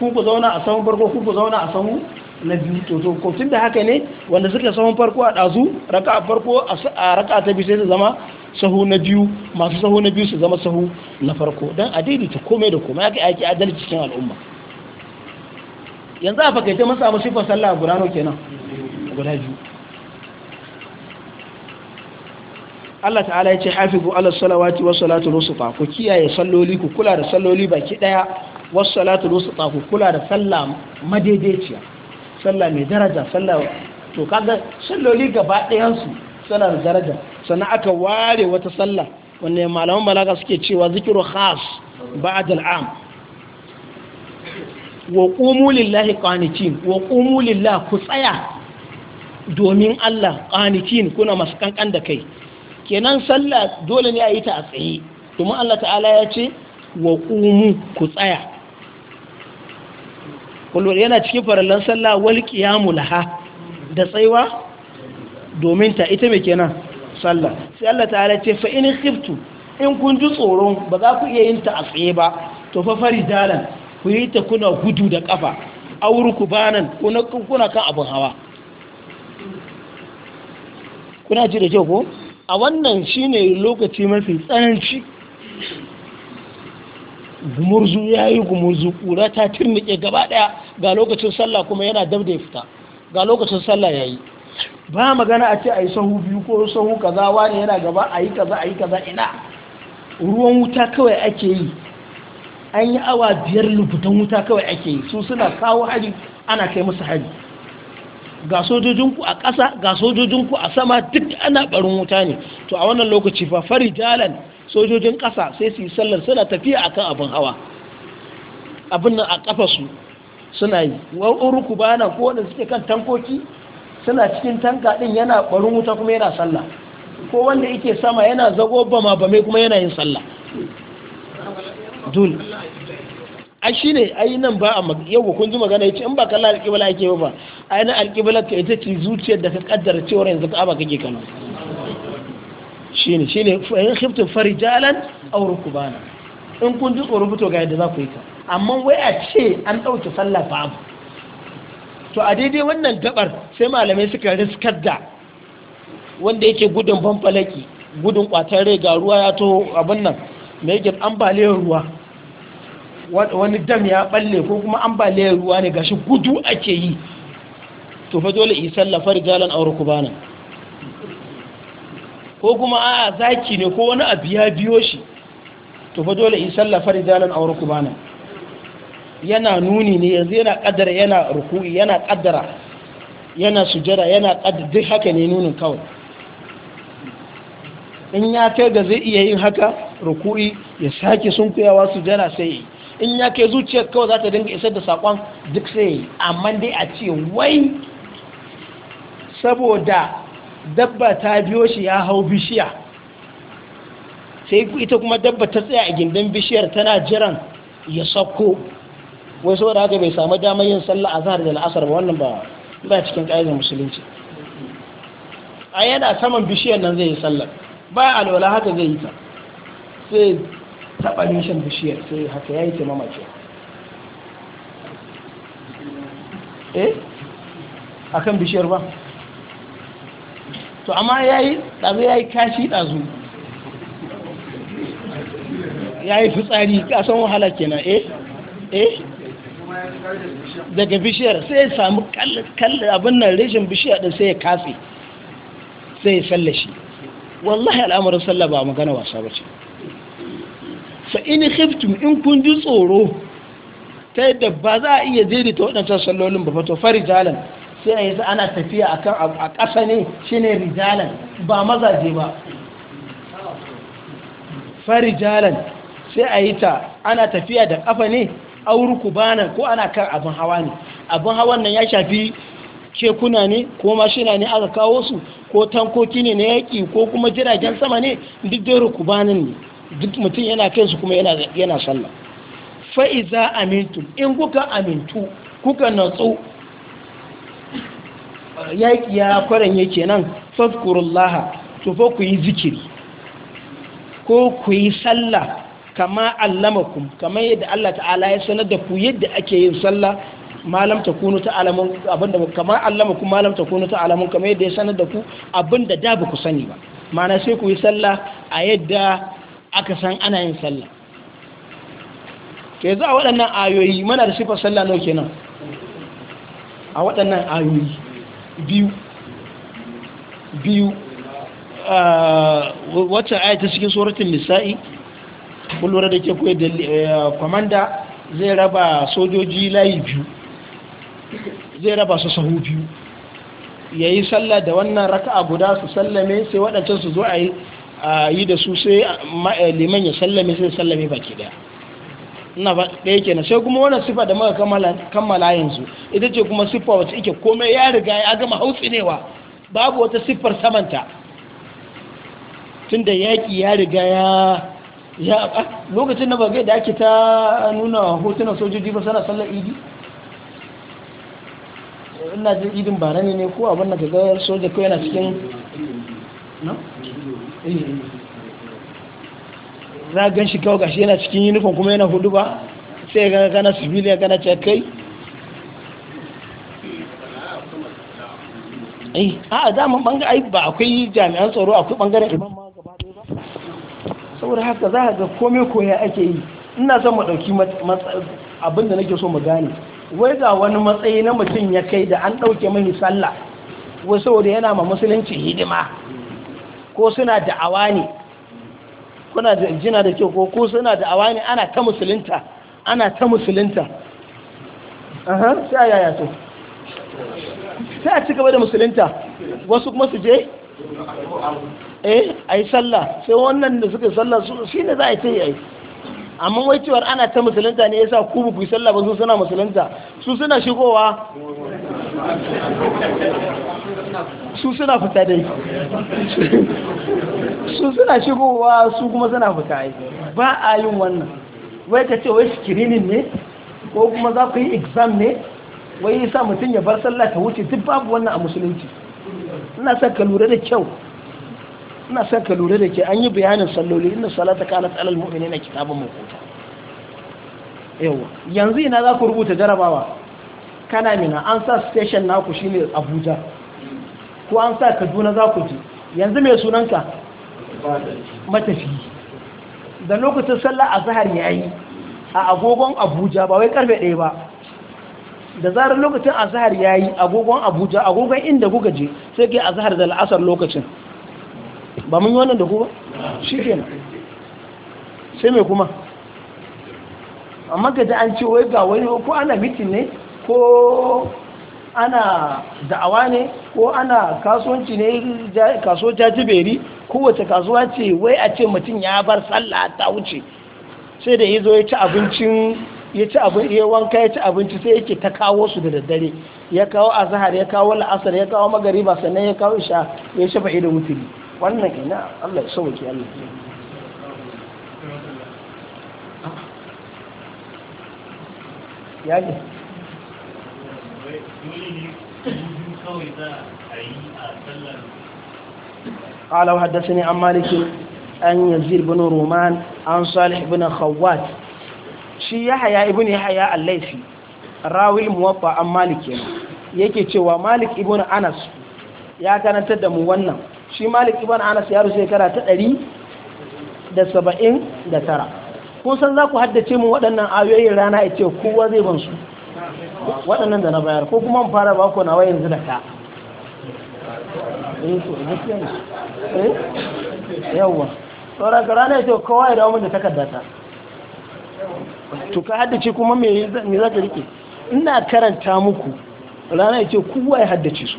ku ku zauna a sahun farko ku ku zauna a sahun na biyu to to ko tun da haka ne wanda suka sahun farko a ɗazu raka a farko a raka ta biyu sai su zama sahu na biyu masu sahu na biyu su zama sahu na farko don a daidaita komai da komai aka yi adalci cikin al'umma yanzu a fakaita masu abu shifar sallah guda nawa kenan guda biyu Allah ta'ala ya ce hafizu Allah salawati wasu salatu ta ku kiyaye salloli ku kula da salloli baki daya wasu salatu ta ku kula da sallah madaidaiciya sallah mai daraja sallah to kaga salloli gaba dayansu suna da daraja sannan aka ware wata sallah wanne malaman balaga suke cewa zikiru khas ba'd al'am wa ƙumu lillahi ƙanikin wa ƙumu lillah ku tsaya domin Allah ƙanikin kuna masu ƙanƙan da kai kenan sallah dole ne a yi ta a tsaye domin Allah ta'ala ya ce wa ƙumu ku tsaya kullum yana cikin farallan sallah wal ƙiyamu laha da tsaiwa domin ta ita mai kenan sallah sai Allah ta'ala ce fa in khiftu in kun ji tsoron ba za ku iya yin ta a tsaye ba to fa farijalan ku yi ta kuna gudu da kafa auru ku banan kuna kan abin hawa kuna ji da kyau ko a wannan shi ne lokaci mafi tsananci gumurzu ya yi gumurzu ƙura ta tirnike gaba ɗaya ga lokacin sallah kuma yana dab da ya fita ga lokacin sallah ya yi ba magana a ce a yi sahu biyu ko sahu kaza wani yana gaba a yi kaza a yi kaza ina ruwan wuta kawai ake yi an yi awa biyar lufutan wuta kawai ake yi su suna kawo hari ana kai musu hari ga sojojinku a ƙasa ga sojojinku a sama duk ana ɓarin wuta ne to a wannan lokaci fa fari jalan sojojin ƙasa sai su yi sallar suna tafiya akan abin hawa abin nan a ƙafa su suna yi wa'un ruku bana ko wanda suke kan tankoki suna cikin tanka ɗin yana ɓarin wuta kuma yana sallah ko wanda yake sama yana zago bama bame kuma yana yin sallah dul ai a ai nan ba a yau kun ji magana ya ce in ba kallon alƙibla ake ba ai na alƙibla ka ita ce zuciyar da ka kaddara cewa yanzu ka ba kake kallo shine shine in khiftu farijalan aw bana in kun ji tsoro fito ga yadda za ku yi ka amma wai a ce an ɗauke sallah abu to a daidai wannan gabar sai malamai suka riskar da wanda yake gudun banfalaki gudun kwatar rai ga ruwa ya to abin nan mai yake ambaliyar ruwa wani dam ya balle ko kuma ambaliyar ruwa ne gashi gudu ake yi to fa dole isan lafar jalan aure kubana ko kuma a zaki ne ko wani abu ya biyo shi to fa dole isan lafar jalan aure kubana yana nuni ne yanzu yana kaddara yana ruku'i yana kaddara yana sujada yana kaddara duk haka ne nunin kawai in ya kai ga zai iya yin haka ruku'i ya sake sunkuyawa sujada sai yi in ya kai zuciyar kawai za ta dinga isar da saƙon duk sai amma dai a ce wai saboda dabba ta biyo shi ya hau bishiya sai ita kuma dabba ta tsaya a gindin bishiyar tana jiran ya sako wai saboda haka bai sami damar yin sallah a zahar da la'asar ba wannan ba ba cikin ƙa'idar musulunci a yana saman bishiyar nan zai yi sallar ba alwala haka zai yi ta sai taɓa shan bishiyar sai haka ya yi ta mamace eh a kan bishiyar ba to amma ya yi ɗazu ya yi kashi ɗazu ya yi fitsari ƙasan wahala kenan eh eh daga bishiyar sai ya samu kalli abin nan rashin bishiyar ɗin sai ya kafe sai ya sallashi wallahi al'amuran sallah ba magana wasa ba ce fa in khiftum in kun ji tsoro ta yadda ba za a iya ta waɗancan sallolin ba fato fa rijalan sai a yi ana tafiya akan a ƙasa ne shi ne rijalan ba mazaje ba fa rijalan sai a yi ta ana tafiya da ƙafa ne a auruku banan ko ana kan abin hawa ne abin hawan nan ya shafi kekuna ne ko mashina ne aka kawo su ko tankoki ne na yaƙi ko kuma jiragen sama ne duk dai rukubanin ne duk mutum yana kai su kuma yana sallah fa'iza amintu in kuka amintu kuka natsu yaƙi ya kwaran yake nan fafkurullaha to fa ku yi zikiri ko ku yi sallah kama allamakum kama yadda Allah ta'ala ya sanar da ku yadda ake yin sallah malam ta kunu ta alamun abinda kama allamakum malam ta kunu ta alamun kama yadda ya sanar da ku abinda da ba ku sani ba mana sai ku yi sallah a yadda aka san ana yin sallah ke za a waɗannan ayoyi mana da sifar sallah nau kenan a waɗannan ayoyi biyu biyu ah, wata aya cikin tsoratin nisa'i kullura da ke kuwa da eh, kwamanda zai raba sojoji layi biyu zai raba su sahu biyu ya yi sallah da wannan raka'a guda su sallame sai waɗancan su zo a yi a yi da su sai eh, liman ya sallame sai sallame baki daya na ba ɗaya kenan sai kuma wannan sifa da muka kammala yanzu ita ce kuma siffa wacce ike komai ya riga ya gama hautsinewa babu wata siffar samanta tunda yaƙi ya riga ya ya ah, lokacin na bagai da ake ta nuna hotunan sojoji ba sana sallar idi ina jin idin bara ne ko abin da ga soja ko yana cikin za gan shi kawo gashi yana cikin yunifon kuma yana hudu ba sai ya gana civilian gana ce kai eh, a daman bangare ai ba akwai jami'an tsaro akwai bangaren imam ma gaba ɗaya ba saboda haka za a ga komai koya ake yi ina son mu ɗauki abin da nake so mu gane wai ga wani matsayi na mutum ya kai da an ɗauke mai sallah wai saboda yana ma musulunci hidima ko suna da'awa ne kuna jina da kyau ko ku suna da'awa ne ana ta musulunta ana ta musulunta aha sai ya ya to sai a cika da musulunta wasu kuma su je eh ai sallah sai wannan da suka sallah su shine za a ce yayi amma wai cewa ana ta musulunta ne yasa ku ku sallah ba su suna musulunta su suna shigowa su suna fita dai su suna shigowa su kuma suna fita yi ba a yin wannan wai ka ce wai screening ne ko kuma za ku yi exam ne wai yi sa mutum ya bar sallah ta wuce duk babu wannan a musulunci ina son ka lura da kyau ina son ka lura da ke an yi bayanin salloli inda salata kanat alal mu'minina kitabun mawquta yawa yanzu ina za ku rubuta jarabawa kana mina an sa station naku shine abuja ko an sa kaduna za ku ji yanzu mai sunanka matafi da lokacin sallah a zahar ya yi a agogon abuja ba wai karfe ɗaya ba da zarar lokacin a zahar ya yi agogon abuja agogon inda kuka je sai ke a zahar da la'asar lokacin ba mun yi wannan da ku ba shi kenan sai mai kuma amma gaji an ce wai ga wani ko ana mitin ne ko ana da'awa ne ko ana kasuwanci ne kaso jajiberi kowace kasuwa ce wai a ce mutum ya bar sallah ta wuce sai da ya zo ya ci abincin ya ci abin ya wanka ya ci abinci sai yake ta kawo su da daddare ya kawo azhar ya kawo la'asar ya kawo magariba sannan ya kawo isha ya shafa da mutuli wannan ina Allah ya sauke Allah ya ji قال وحدثني عن مالك أن يزيد بن رومان عن صالح بن خوات شي يحيى ابن يحيى الليثي راوي الموطا عن مالك yake cewa Malik ibn Anas ya karantar da mu wannan shi Malik ibn Anas ya rusa shekara ta da 179 kun san za ku haddace mu waɗannan ayoyin rana ya ce kowa zai ban su waɗannan da na bayar ko kuma fara ba ku nawa yanzu da ka eh to ne eh? ka rana ce kowa ya dawo mun da ta, to ka haddace kuma me me za ka rike ina karanta muku rana ce kowa ya haddace su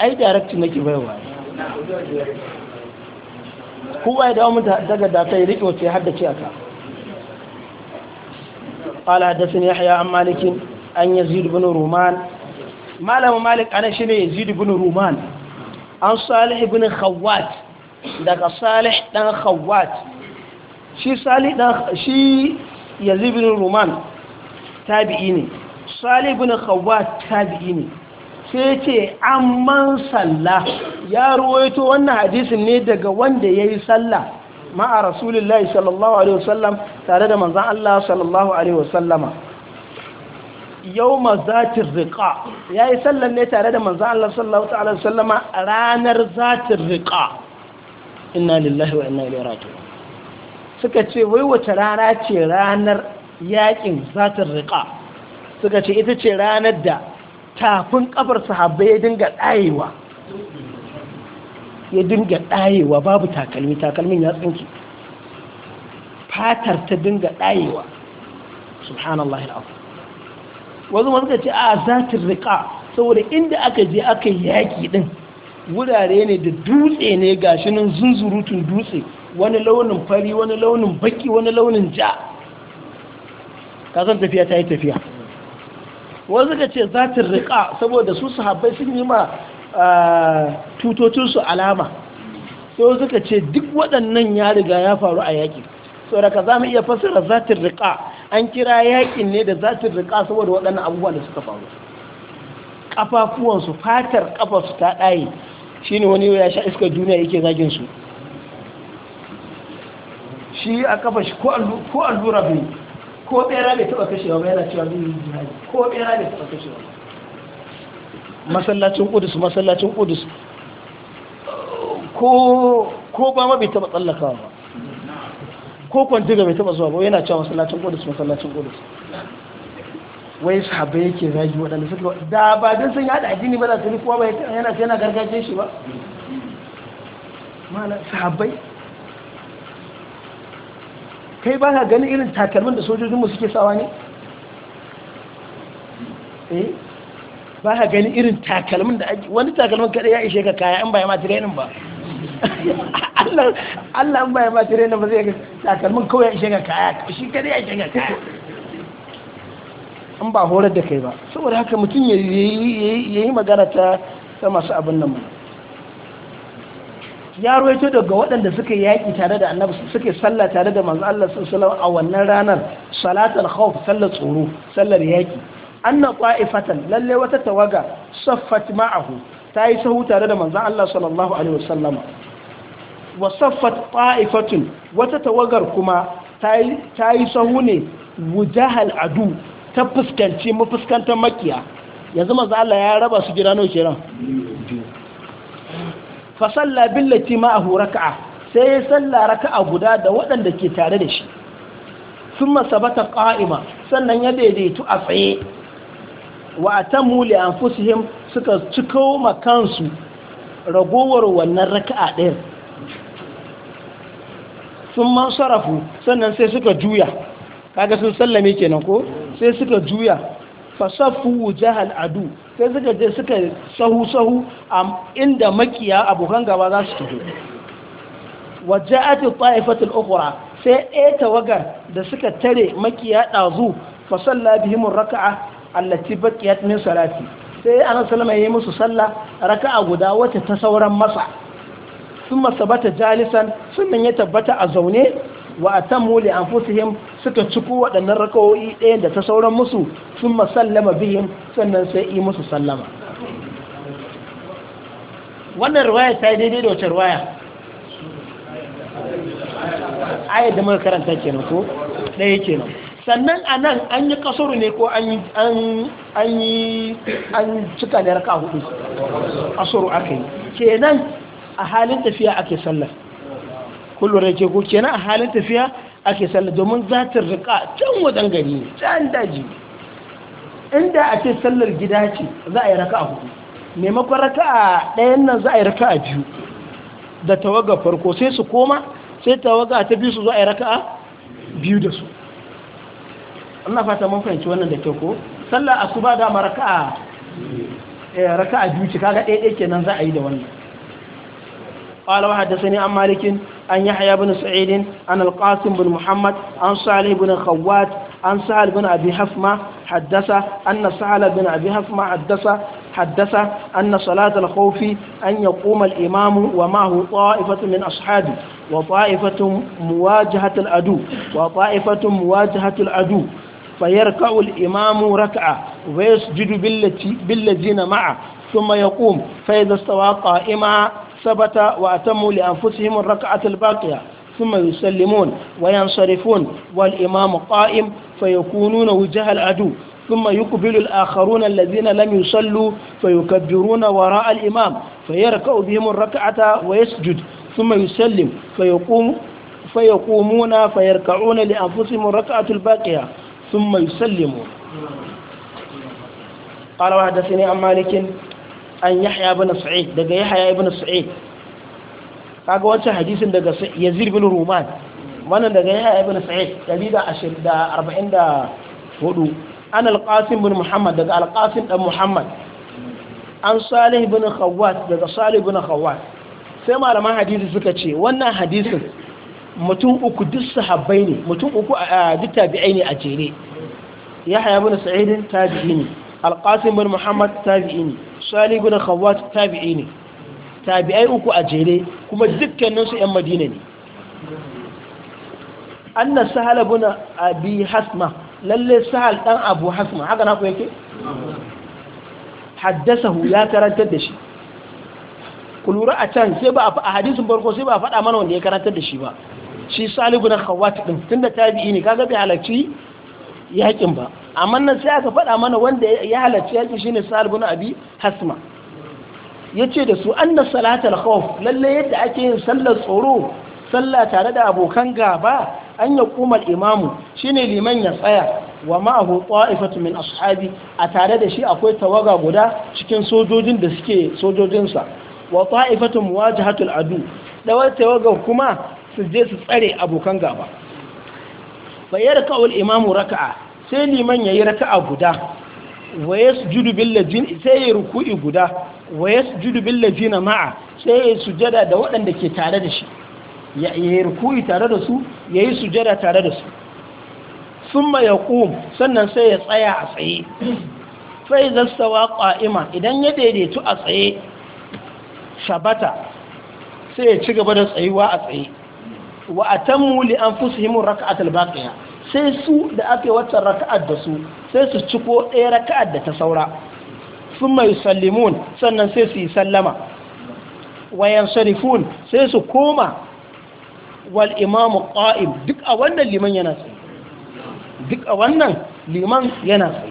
ai direct nake bayarwa kowa ya dawo mun da ta ya rike wace ya haddace aka قال حدثني يحيى عن مالك أن يزيد بن رومان ما له مالك أنا شنو يزيد بن رومان عن صالح بن خوات دقى صالح دان خوات شي صالح دان شي يزيد بن رومان tabi'i ne bin khawwat tabi'i ne sai ce amman sallah ya ruwaito wannan hadisin ne daga wanda yayi sallah ma'a rasulillahi sallallahu alaihi wasallam tare da manzan Allah sallallahu alaihi wasallama yau zatin riƙa ya yi sallan ne tare da manzan Allah sallallahu alaihi wasallama ranar zatin riƙa inna lillahi wa inna ilaihi raji'un suka ce wai wace rana ce ranar yakin zatin riƙa suka ce ita ce ranar da tafin kafar sahabbai ya dinga ɗayewa ya dinga ɗayewa babu takalmi takalmin ya tsinki fatar ta dinga ɗayewa subhanallah al'afu wasu masu ka ce a zatin riƙa saboda inda aka je aka yi yaƙi ɗin wurare ne da dutse ne ga shi nan zunzurutun dutse wani launin fari wani launin baki wani launin ja kasan tafiya ta yi tafiya wasu ka ce zatin riƙa saboda su sahabbai sun yi ma tutocinsu alama sai suka ce duk waɗannan ya riga ya faru a yaƙi ka za mu iya fasira zatin riƙa an kira yaƙin ne da zatin riƙa saboda waɗannan abubuwan da suka faru ƙafafuwansu fatar ƙafarsu ta ɗaye shi ne wani ya sha iskar duniya yake zagin su shi a ƙafa shi ko allura bai ko ɓera bai taɓa kashewa ba yana cewa zai yi ko ɓera bai taɓa kashewa masallacin kudus masallacin kudus ko ba ma bai taba tsallakawa ba ko kwantiga bai taba zuwa ba yana cewa masallacin kudus masallacin kudus wai sahabai yake zagi waɗanda suka da ba don sun yada addini ba da su kuwa ba yana sai yana gargaje shi ba mana sahabai kai ba ka ganin irin takalmin da sojojinmu suke sawa ne eh ba ka gani irin takalmin da ake wani takalmin kada ya ishe ka kaya in baya ma tirenin ba Allah Allah in baya ma tirenin ba zai ga takalmin kawai ya ishe ka kaya shi kada ya ishe ka kaya in ba horar da kai ba saboda haka mutum ya yi magana ta ta masu abin nan ya ce daga waɗanda suka yaƙi tare da annabi suka sallah tare da manzo Allah sallallahu alaihi wasallam a wannan ranar salatul khawf sallar tsoro sallar yaƙi anna ta'ifatan lalle wata tawaga saffat ma'ahu ta yi sahu tare da manzon Allah sallallahu alaihi wasallama wa saffat ta'ifatun wata tawagar kuma ta yi sahu ne wujahal adu ta fuskanci mafuskantar makiya yanzu manzon Allah ya raba su gida nau kenan fa salla billati ma'ahu raka'a sai ya salla raka'a guda da waɗanda ke tare da shi sun bata ƙa'ima sannan ya daidaitu a tsaye wa muli li anfusihim suka ciko makansu ragowar wannan raka'a ɗaya sun man sarafu sannan sai suka juya kaga sun sallame kenan ko sai suka juya fasafu jahal adu sai suka je suka sahu sahu inda makiya abokan gaba za su tafi waja'atu ta'ifatul ukhra sai ɗaya tawagar da suka tare makiya ɗazu fasalla bihimur raka'a allati baqiyat min salati sai annabi sallallahu alaihi musu sallah raka'a guda wacce ta sauran masa thumma sabata jalisan sannan ya tabbata a zaune wa atammu li anfusihim suka ciko waɗannan raka'o'i ɗayan da ta sauran musu thumma sallama bihim sannan sai yi musu sallama wannan riwaya ta yi daidai da wacce riwaya ayyadda da muka karanta kenan ko ɗaya kenan sannan a nan an yi kasoro ne ko an yi cika da raka hudu kasoro aka yi kenan a halin tafiya ake sallar kullum rake ko kenan a halin tafiya ake sallar domin za ta rika can wajen gari can daji inda a ce sallar gida ce za a yi raka a hudu maimakon raka a ɗayan nan za a yi raka a biyu da tawaga farko sai su koma sai tawaga ta biyu su za a yi raka biyu da su ana fata mun fahimci wannan da kyau ko sallar asuba da ma raka'a eh raka'a biyu ce kaga ɗaya kenan za a yi da wannan qala wa hadathani an malikin an yahya bin sa'id an al-qasim bin muhammad an salih bin khawwat an sa'al bin abi hafma haddasa anna sa'al bin abi hafma haddasa حدث أن صلاة الخوف أن يقوم الإمام ومعه طائفة من أصحابه وطائفة مواجهة العدو وطائفة مواجهة العدو فيركع الإمام ركعة ويسجد بالذين معه ثم يقوم فإذا استوى قائما ثبت وأتموا لأنفسهم الركعة الباقية ثم يسلمون وينصرفون والإمام قائم فيكونون وجه العدو ثم يقبل الآخرون الذين لم يصلوا فيكبرون وراء الإمام فيركع بهم الركعة ويسجد ثم يسلم فيقوم فيقومون فيركعون لأنفسهم الركعة الباقية ثم يسلموا قال وحدثني عن مالك an yahya ibn sa'id daga yahya ibn sa'id kaga wancan hadisin daga yazid ibn ruman wannan daga yahya ibn sa'id da hudu. an alqasim ibn muhammad daga alqasim dan muhammad an salih ibn khawwat daga salih ibn khawwat sai malaman hadisi suka ce wannan hadisin mutum uku duk sahabbai ne mutum uku a duk tabi'ai ne a jere haya ibn sa'idin tabi'i ne alqasim bin muhammad tabi'i ne salih ibn khawwat tabi'i ne tabi'ai uku a jere kuma dukkanin su yan madina ne anna sahal ibn abi hasma lalle sahal dan abu hasma haka na ku yake haddasahu ya karantar da shi ku lura a can sai ba a hadisin farko sai ba a faɗa mana wanda ya karantar da shi ba shi salihu na khawat din tunda tabi'i ne kaga bai halarci yakin ba amma nan sai aka faɗa mana wanda ya halarci yakin shine salihu na abi hasma yace da su anna salatal khawf lalle yadda ake yin sallar tsoro sallah tare da abokan gaba an ya kuma imamu shine liman ya tsaya wa ma'ahu ta'ifatu min ashabi a tare da shi akwai tawaga guda cikin sojojin da suke sojojinsa wa ta'ifatu muwajihatul adu dawar tawagar kuma su je su tsare abokan gaba bayar ka'ul imamu raka'a sai liman yayi raka'a guda wa yasjudu bil ladina sai ya ruku'i guda wa yasjudu bil ladina ma'a sai ya sujada da waɗanda ke tare da shi ya yi ruku'i tare da su yayi sujada tare da su summa yaqum sannan sai ya tsaya a tsaye sai idza sawa qa'ima idan ya daidaitu a tsaye shabata sai ya ci gaba da tsayuwa a tsaye wa atammu li anfusihim rak'at al-baqiya sai su da ake wata raka'ar da su sai su ciko ɗaya raka'ar da ta saura sun mai sallimun sannan sai su yi sallama wayan sarifun sai su koma wal imamu ƙa'im duk a wannan liman yana sai duk a wannan liman yana sai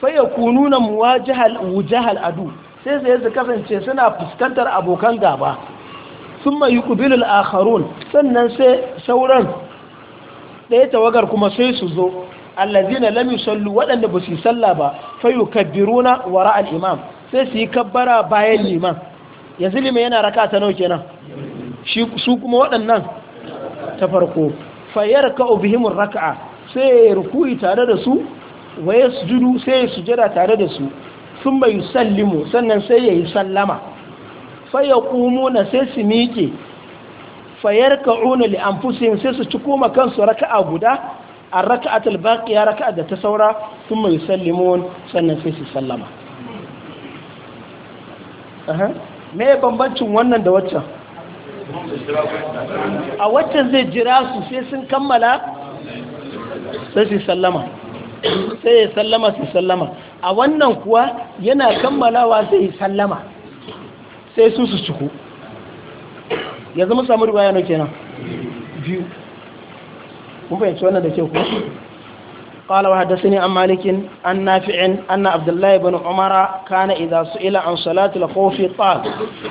faya kununa muwajahal adu sai sai su kasance suna fuskantar abokan gaba sun mai yukubilul akharun sannan sai sauran ɗaya tawagar kuma sai su zo allazina lam yusallu waɗanda ba su yi sallah ba fa yukabbiruna wara al-imam sai su yi kabbara bayan liman yanzu liman yana raka ta nau kenan su kuma waɗannan ta farko fa yarka'u bihimur raka'a sai ya rukuyi tare da su wa sujudu sai sujada tare da su sun bai yusallimu sannan sai yayi sallama faya na sai su miƙe fayar ka'una li'amfusin sai su ci koma kansu raka'a guda a raka'a ya raka'a da ta saura sun mai sallimon sannan sai su sallama mai bambancin wannan da waccan a waccan zai jira su sai sun kammala sai su sallama sai ya sallama su sallama a wannan kuwa yana kammalawa sai sallama sai su su ciku yanzu mu samu ruwa yana kenan biyu kuma yanzu wannan da ke kuma kala haddasa ne an malikin an nafi'in an abdullahi bin umara kana iza su ila an salatu lako fi tsar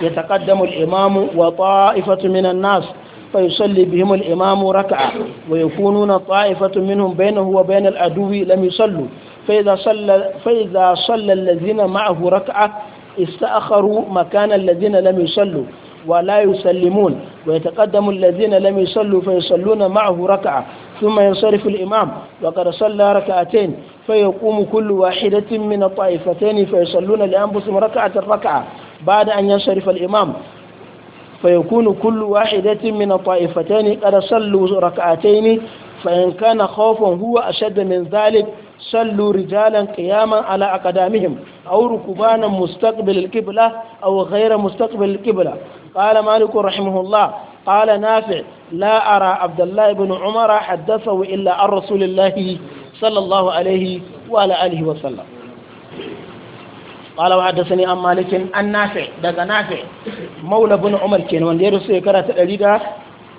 ya takaddamu imamu wa ta'ifatu minan nas fa yusalli bihim al-imamu raka'a wa yakununa ta'ifatu minhum bainahu wa aduwi lam fa idha salla fa idha salla alladhina ma'ahu raka'a استأخروا مكان الذين لم يصلوا ولا يسلمون ويتقدم الذين لم يصلوا فيصلون معه ركعة ثم ينصرف الإمام وقد صلى ركعتين فيقوم كل واحدة من الطائفتين فيصلون لأنفسهم ركعة ركعة بعد أن ينصرف الإمام فيكون كل واحدة من الطائفتين قد صلوا ركعتين فإن كان خوفا هو أشد من ذلك sallu rijalan qiyaman ala aqdamihim aw rukbanan mustaqbil alqibla aw ghayra mustaqbil alqibla qala malik rahimahullah qala nafi' la ara umar ibn umara hadathahu illa ar rasulillah sallallahu alayhi wa sallam qala wa hadathani an malik an nafi' daga nafi' mawla ibn umar kenan wanda ya rusu karata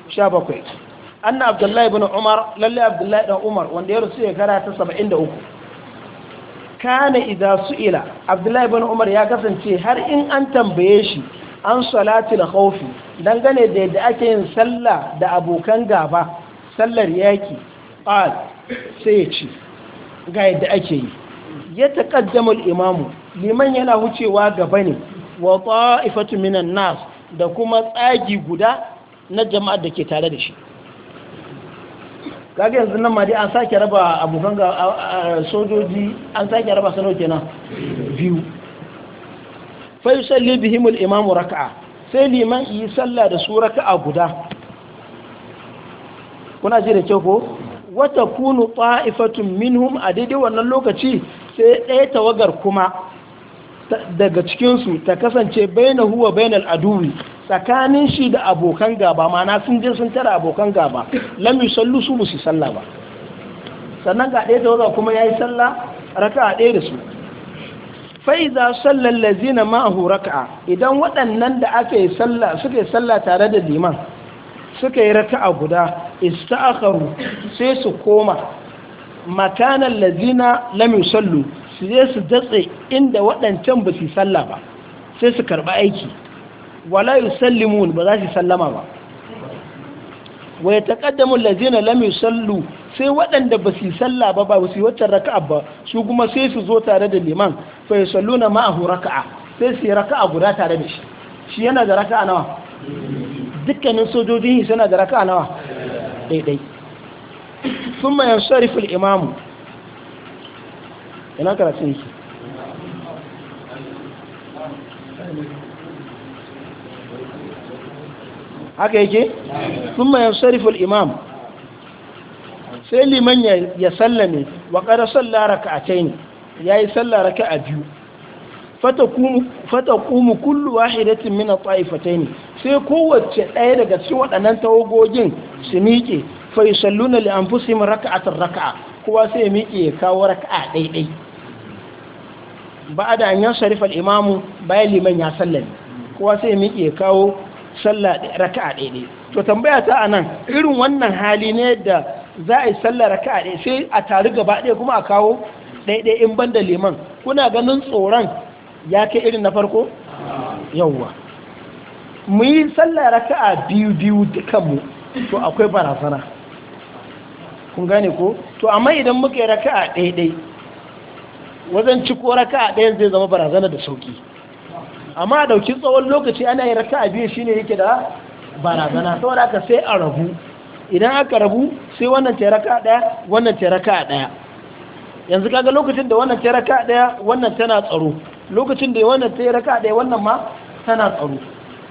117 anna abdullahi ibn umar lalle abdullahi dan umar wanda ya rusu shekara ta 73 kana idza su'ila abdullahi ibn umar ya kasance har in an tambaye shi an salatul khawfi dangane da yadda ake yin sallah da abokan gaba sallar yaki qal sai ya ce ga yadda ake yi ya taqaddamu al-imamu liman yana hucewa gaba ne wa ta'ifatu minan nas da kuma tsagi guda na jama'ar da ke tare da shi kaga yanzu nan ma dai an sake raba abokan ga sojoji an sake raba sanau kenan biyu fa yusalli bihim al-imam raka'a sai liman yi sallah da su raka'a guda kuna ji da kyau ko wata kunu ta'ifatun minhum a daidai wannan lokaci sai ɗaya tawagar kuma daga cikinsu ta kasance baina huwa bainal aduwi tsakanin shi da abokan gaba mana sun je sun tara abokan gaba lam yusallu su musu sallah ba sannan ga ɗaya tawaga kuma yayi sallah raka'a ɗaya da su fa idza sallal ladzina ma'ahu raka'a idan waɗannan da aka yi sallah suka yi sallah tare da liman suka yi raka'a guda ista'akharu sai su koma makanan ladzina lam yusallu su je su datse inda waɗancan ba su sallah ba sai su karɓi aiki wala yusallimun ba za su sallama ba wa yataqaddamu lazina lam sallu sai waɗanda ba su sallah ba ba su wacce raka'a ba su kuma sai su zo tare da liman fa na ma'ahu raka'a sai su yi raka'a guda tare da shi shi yana da raka'a nawa dukkanin sojojin suna da raka'a nawa daidai ثم ينصرف Imamu. ina karatun su haka yake sun mayan sarifin imam sai liman ya sallame wa ƙara sallara ka a taini ya yi sallara ka a biyu fata kumu kullu wahidatin mina ne sai kowace ɗaya daga cikin waɗannan tawagogin su miƙe fa yusalluna li'amfusi mu raka'atan raka'a kowa sai ya miƙe ya kawo raka'a ɗaiɗai ba da an yan sharif al'imamu bayan liman ya sallami kowa sai miƙe kawo sallah raka a ɗaiɗe to tambaya ta a nan irin wannan hali ne da za a yi sallah raka a ɗaiɗe sai a tari gaba ɗaya kuma a kawo ɗaiɗe in ban da liman kuna ganin tsoron ya kai irin na farko yawwa mu yi sallah raka a biyu biyu to akwai barazana kun gane ko to amma idan muka yi raka a wajen raka a ɗayan zai zama barazana da sauki amma a ɗauki tsawon lokaci ana yi raka a biyu shine yake da barazana da aka sai a rabu idan aka rabu sai wannan ce a ɗaya wannan ce a ɗaya yanzu kaga lokacin da wannan ce a ɗaya wannan tana tsaro lokacin da wannan ce a ɗaya wannan ma tana tsaro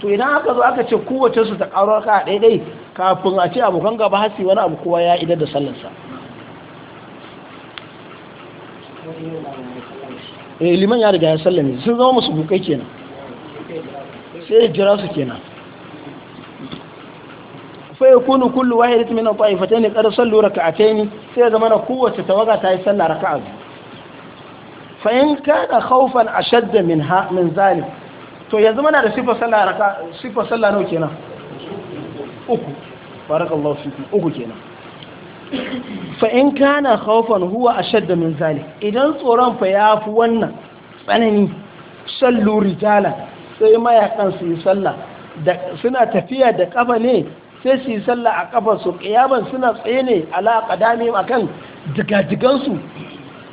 to idan aka zo aka ce kowace su ta ƙaro a ɗaya ɗai kafin a ce abokan gaba hasi wani abu kowa ya idar da sallarsa eh liman ya riga ya sallame sun zama musu bukai kenan sai ya jira su kenan fa yakunu kullu wahidatin min al-ta'ifatayn qad sallu rak'atayn sai ya zama na kowace tawaga ta yi sallah raka'a fa in kana khawfan ashadd ha min zalik to yanzu muna da sifa sallah raka sifa sallah nawa kenan uku barakallahu fiku uku kenan fa in kana khawfan huwa ashadda min zalik idan tsoron fa yafi wannan tsanani sallu rijala sai mayakan su yi sallah suna tafiya da kafa ne sai su yi sallah a kafar su kiyaban suna tsaye ne ala qadami akan digajigan su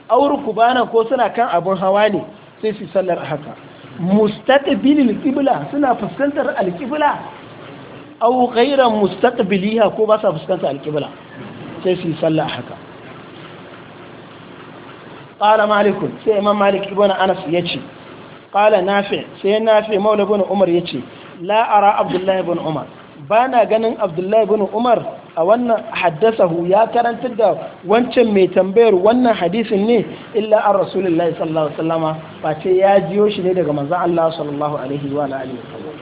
auru kubana ko suna kan abun hawa ne sai su yi sallar haka mustaqbilil qibla suna fuskantar alqibla aw ghayra mustaqbiliha ko ba sa fuskantar alqibla sai su yi sallah haka Ƙala malikun sai imam malik ibn anas ya ce. Ƙala nafi sai nafi maula ibn umar ya ce. La'ara abdullahi ibn umar bana ganin abdullahi ibn umar a wannan haddasahu ya karantar da wancan mai tambayar wannan hadisin ne illa an rasulullahi sallallahu alaihi wasallama ba ce ya jiyo shi ne daga manzon Allah sallallahu alaihi wa alihi wasallam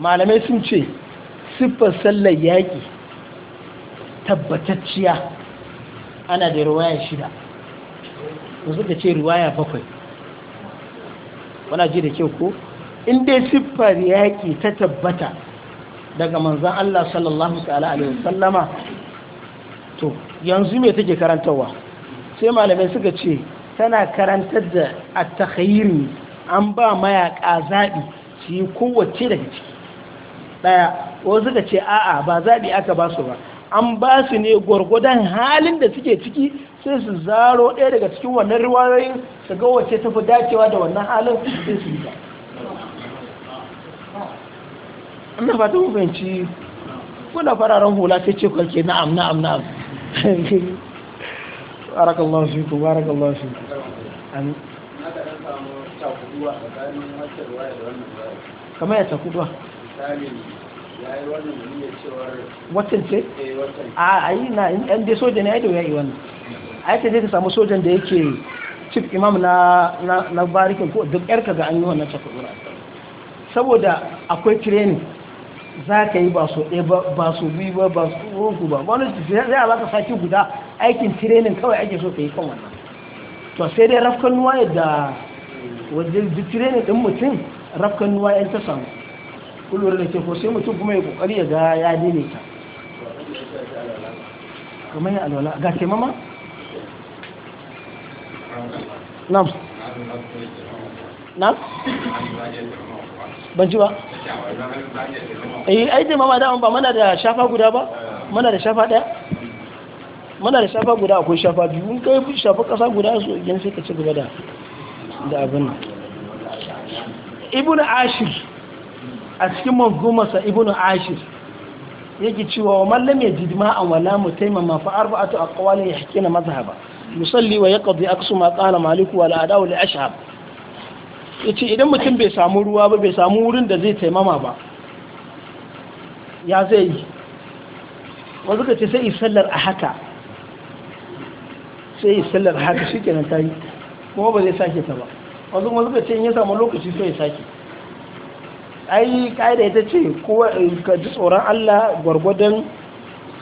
malamai sun ce siffar sallar yaƙi tabbatacciya ana da ruwaya shida wasu ka ce ruwaya bakwai wana ji da kyau ko in dai siffar yaƙi ta tabbata daga manzan Allah sallallahu alaihi wasallama to yanzu me take karantarwa sai malamai suka ce tana karantar da a ta an ba mayaƙa zaɓi su yi kowace daga ciki ɗaya wasu suka ce a'a ba zaɓi aka ba su ba an ba su ne gwargwadon halin da suke ciki sai su zaro ɗaya daga cikin wannan riwayoyin su ga wace tafi dacewa da wannan halin sai su yi ba ina fata mu fahimci kuna fararen hula sai ce kwarke na'am na'am na'am barakallahu fi ku barakallahu fi ku kamar ya takuduwa yi watan ce? Eh, a yi na yan dai soja ne ya yi da yi wani a yake zai ka samu sojan da yake cif imam na barikin ko duk yarka ga an yi wannan cakwai saboda akwai training za ka yi ba su ɗaya ba su biyu ba ba su uku ba wani zai a ka saki guda aikin tirenin kawai ake so ka yi kan wannan to sai dai rafkan nuwa yadda wajen tirenin ɗin mutum rafkan nuwa yan ta samu kullum da ke fosai mutum kuma ya kokari ya ga ya daidaita kuma ya alwala ga ke mama? nam nam? ban ji ba? eh aiki mama da ba mana da shafa guda ba? mana da shafa daya? mana da shafa guda akwai shafa biyu in kai shafa kasa guda su yin sai ka ci gaba da abin ibn ashir a cikin manzumarsa ibn ashir yake cewa wa mallam ya jidma an wala taimama fa arba'atu aqwali yahkina mazhaba musalli wa yaqdi aqsu ma qala malik wa la adaw li ashab yace idan mutum bai samu ruwa ba bai samu wurin da zai taimama ba ya zai yi wanzu ka ce sai sallar a haka sai sallar a haka kenan tayi kuma ba zai sake ta ba wanzu wanzu ka ce in ya samu lokaci sai ya sake ai ƙa'ida ita ce kowa eh, ka ji tsoron Allah gwargwadon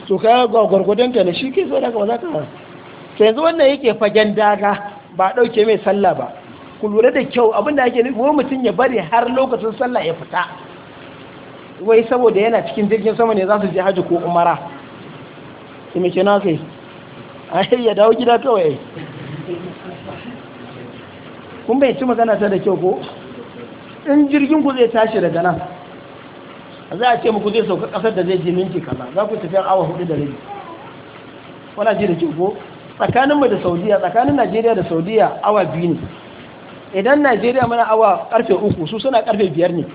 to ka ga gwargwadon ka ne shi ke so da za ka to yanzu wannan yake fagen daga ba ɗauke mai sallah ba ku lura da kyau abinda yake ni wani mutum ya bari har lokacin sallah ya fita wai saboda yana cikin jirgin sama ne za su je haji ko umara ime ke na kai ai ya dawo gida kawai kun bai ci magana ta da kyau ko in jirgin ku zai tashi daga nan za a ce muku zai sauka kasar da zai je minti kaza za ku tafiya awa hudu da rabi wala ji da ke ko tsakanin mu da saudiya tsakanin najeriya da saudiya awa biyu ne idan najeriya mana awa karfe uku su suna karfe biyar ne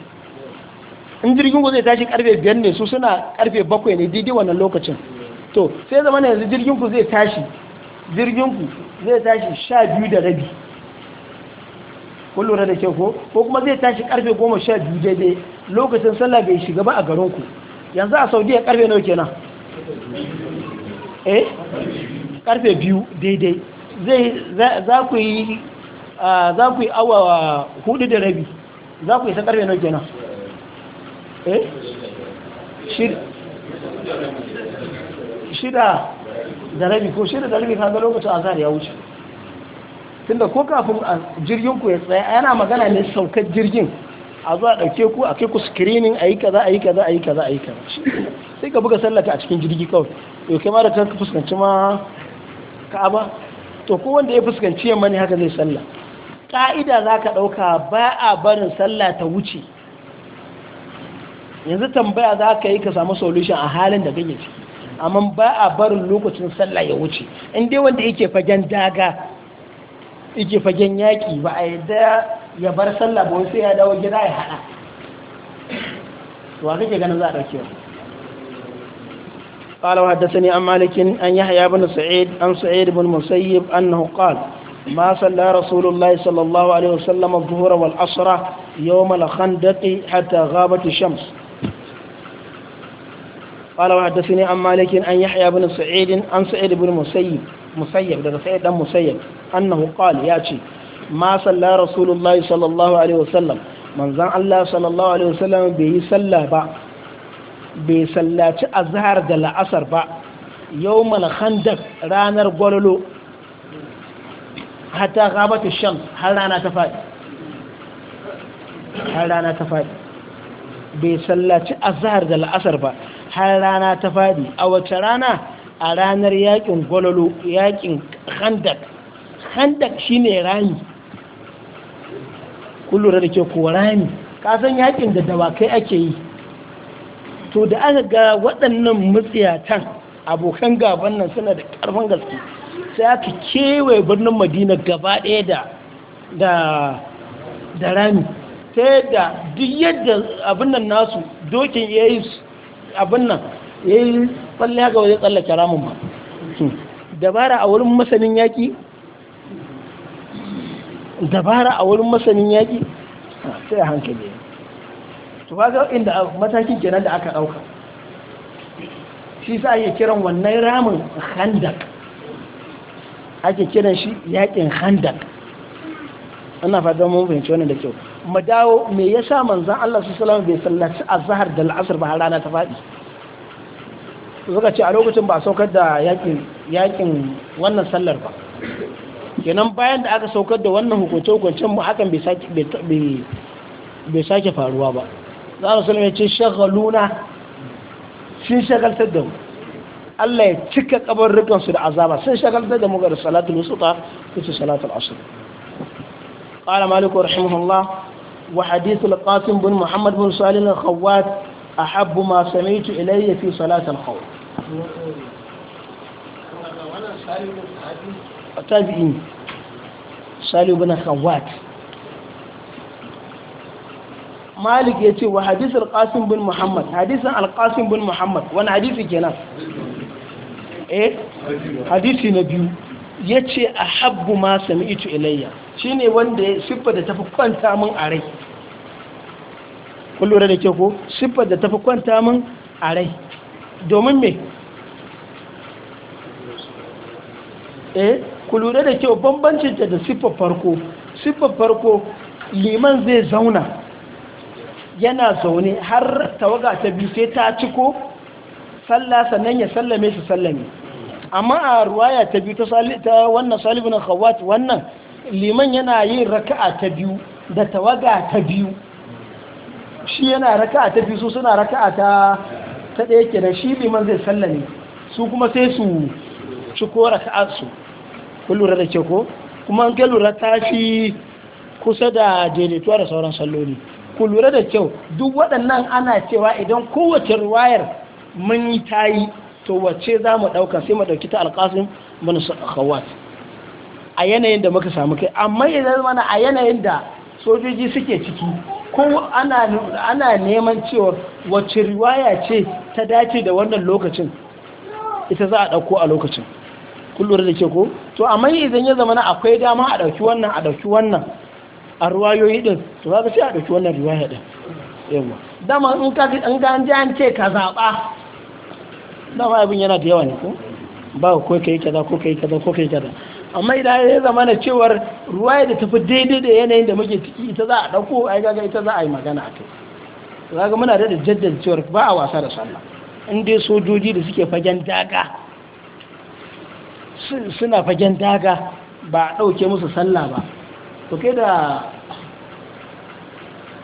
in jirgin ku zai tashi karfe biyar ne su suna karfe bakwai ne didi wannan lokacin to sai zama yanzu jirgin ku zai tashi jirgin ku zai tashi sha biyu da rabi kun da kyau ko ko kuma zai tashi karfe goma sha biyu daidai lokacin sallah bai shiga ba a garin ku yanzu a saudiya karfe nawa kenan eh karfe biyu daidai zai za ku yi za ku yi awa hudu da rabi za ku yi sa karfe nawa kenan eh shida da rabi ko shida da rabi kaga lokacin azhar ya wuce tunda ko kafin jirgin ku ya tsaya yana magana ne saukar jirgin a zuwa ɗauke ku a kai ku screening a yi kaza a yi kaza a yi kaza a yi kaza sai ka buga sallaka a cikin jirgi kawai to kai ma da ka fuskanci ma ka'aba to ko wanda ya fuskanci yamma ne haka zai sallah ka'ida za ka ɗauka ba a barin sallah ta wuce yanzu tambaya za ka yi ka samu solution a halin da kake ciki amma ba a barin lokacin sallah ya wuce in dai wanda yake fagen daga yake fagen yaƙi ba a yadda ya bar sallah ba wasu ya dawo gida ya haɗa wa kake ganin za a ɗauke قال وحدثني عن مالك أن يحيى بن سعيد عن سعيد بن مسيب أنه قال ما صلى رسول الله صلى الله عليه وسلم الظهر والعصر يوم الخندق حتى غابت الشمس قال وحدثني عن مالك أن يحيى بن سعيد عن سعيد بن مسيب مسيب ده سعيد بن مسيب أنه قال ياتي ما صلى رسول الله صلى الله عليه وسلم من زن الله صلى الله عليه وسلم به صلى با bai sallaci azhar da la'asar ba yau khandaq ranar gwalolo hatta gabata shan har rana ta faɗi har rana ta faɗi bai sallaci azhar da la'asar ba har rana ta faɗi a wacce rana a ranar yakin gwalolo yakin handak handak shine rami kullura da ke ko rami kasan yakin da dawakai ake yi to da aka ga waɗannan matsiyatan abokan gaban nan suna da ƙarfin gaske sai aka kewaye birnin madina gaba ɗaya da da rami ta yadda duk yadda abin nan nasu dokin ya yi abin nan ya yi tsalle haka wajen tsallake ramin ba dabara a wurin masanin yaƙi dabara a wurin masanin yaƙi ah, sai a hankali to ga inda matakin kenan da aka ɗauka shi sa ake kiran wannan ramin handak ake kiran shi yaƙin handak ana fata mun fahimci wannan da kyau mu dawo me yasa manzon Allah sallallahu alaihi wasallam bai sallaci zahar da al'asr ba rana ta fadi suka ce a lokacin ba a saukar da yakin wannan sallar ba kenan bayan da aka saukar da wannan hukunce-hukuncen mu hakan bai sake faruwa ba za a musulmi ce shagaluna sun shagaltar da mu Allah ya cika kabarrukansu da azaba sun shagaltar da mu ga salatul wasuta kusa salatul asir قال مالك رحمه الله وحديث القاسم بن محمد بن صالح الخوات أحب ما سمعت إلي في صلاة الخوف تابعين صالح بن خوات مالك يتي وحديث القاسم بن محمد حديث القاسم بن محمد وانا حديث كنا ايه حديث نبي يتي أحب ما سمعت إليه Shi ne wanda ya siffa da tafi kwanta min a rai kun da ke ko siffa da tafi kwanta min a rai domin me eh ku lura da kyau ta da siffar farko siffar farko liman zai zauna yana zaune har tawaga ta biyu sai ta ciko salla sannan ya sallame su sallame amma a ruwaya ta biyu ta wannan salibin khawat wannan liman yana yin raka'a ta biyu da tawaga ta biyu shi yana raka'a ta biyu su suna raka'a ta ta ɗaya kenan shi liman zai sallame su kuma sai su ciko raka'a su kun lura da ke ko kuma an kai lura ta shi kusa da daidaituwa da sauran salloli ku da kyau duk waɗannan ana cewa idan kowace ruwayar mun yi tayi to wace za mu ɗauka sai mu ɗauki ta alƙasin bin khawat a yanayin da muka samu kai amma idan mana a yanayin da sojoji suke ciki ko ana neman cewa wacce riwaya ce ta dace da wannan lokacin ita za a ɗauko a lokacin kullum da ke ko to amma idan ya zama akwai dama a ɗauki wannan a ɗauki wannan a ruwayoyi ɗin to za ka sai a ɗauki wannan riwaya ɗin yawa dama in ka ga an ji an ce ka zaɓa dama abin yana da yawa ne ko ba ko kai kaza ko kai kaza ko kai kaza amma idan ya zama na cewar ruwa da tafi daidai da yanayin da muke ciki ita za a ɗauko ai gaga ita za a yi magana a kai ga muna da jaddar cewar ba a wasa da sallah in dai sojoji da suke fagen daga suna fagen daga ba a ɗauke musu sallah ba to kai da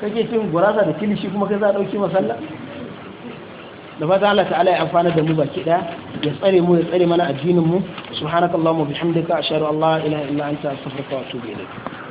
kake cin gurasa da kilishi kuma kai za a ɗauke sallah da fata Allah ta'ala ya amfana da mu baki ɗaya ya tsare mu ya tsare mana addinin mu subhanakallahumma bihamdika ashhadu an la ilaha illa anta astaghfiruka wa atubu ilayk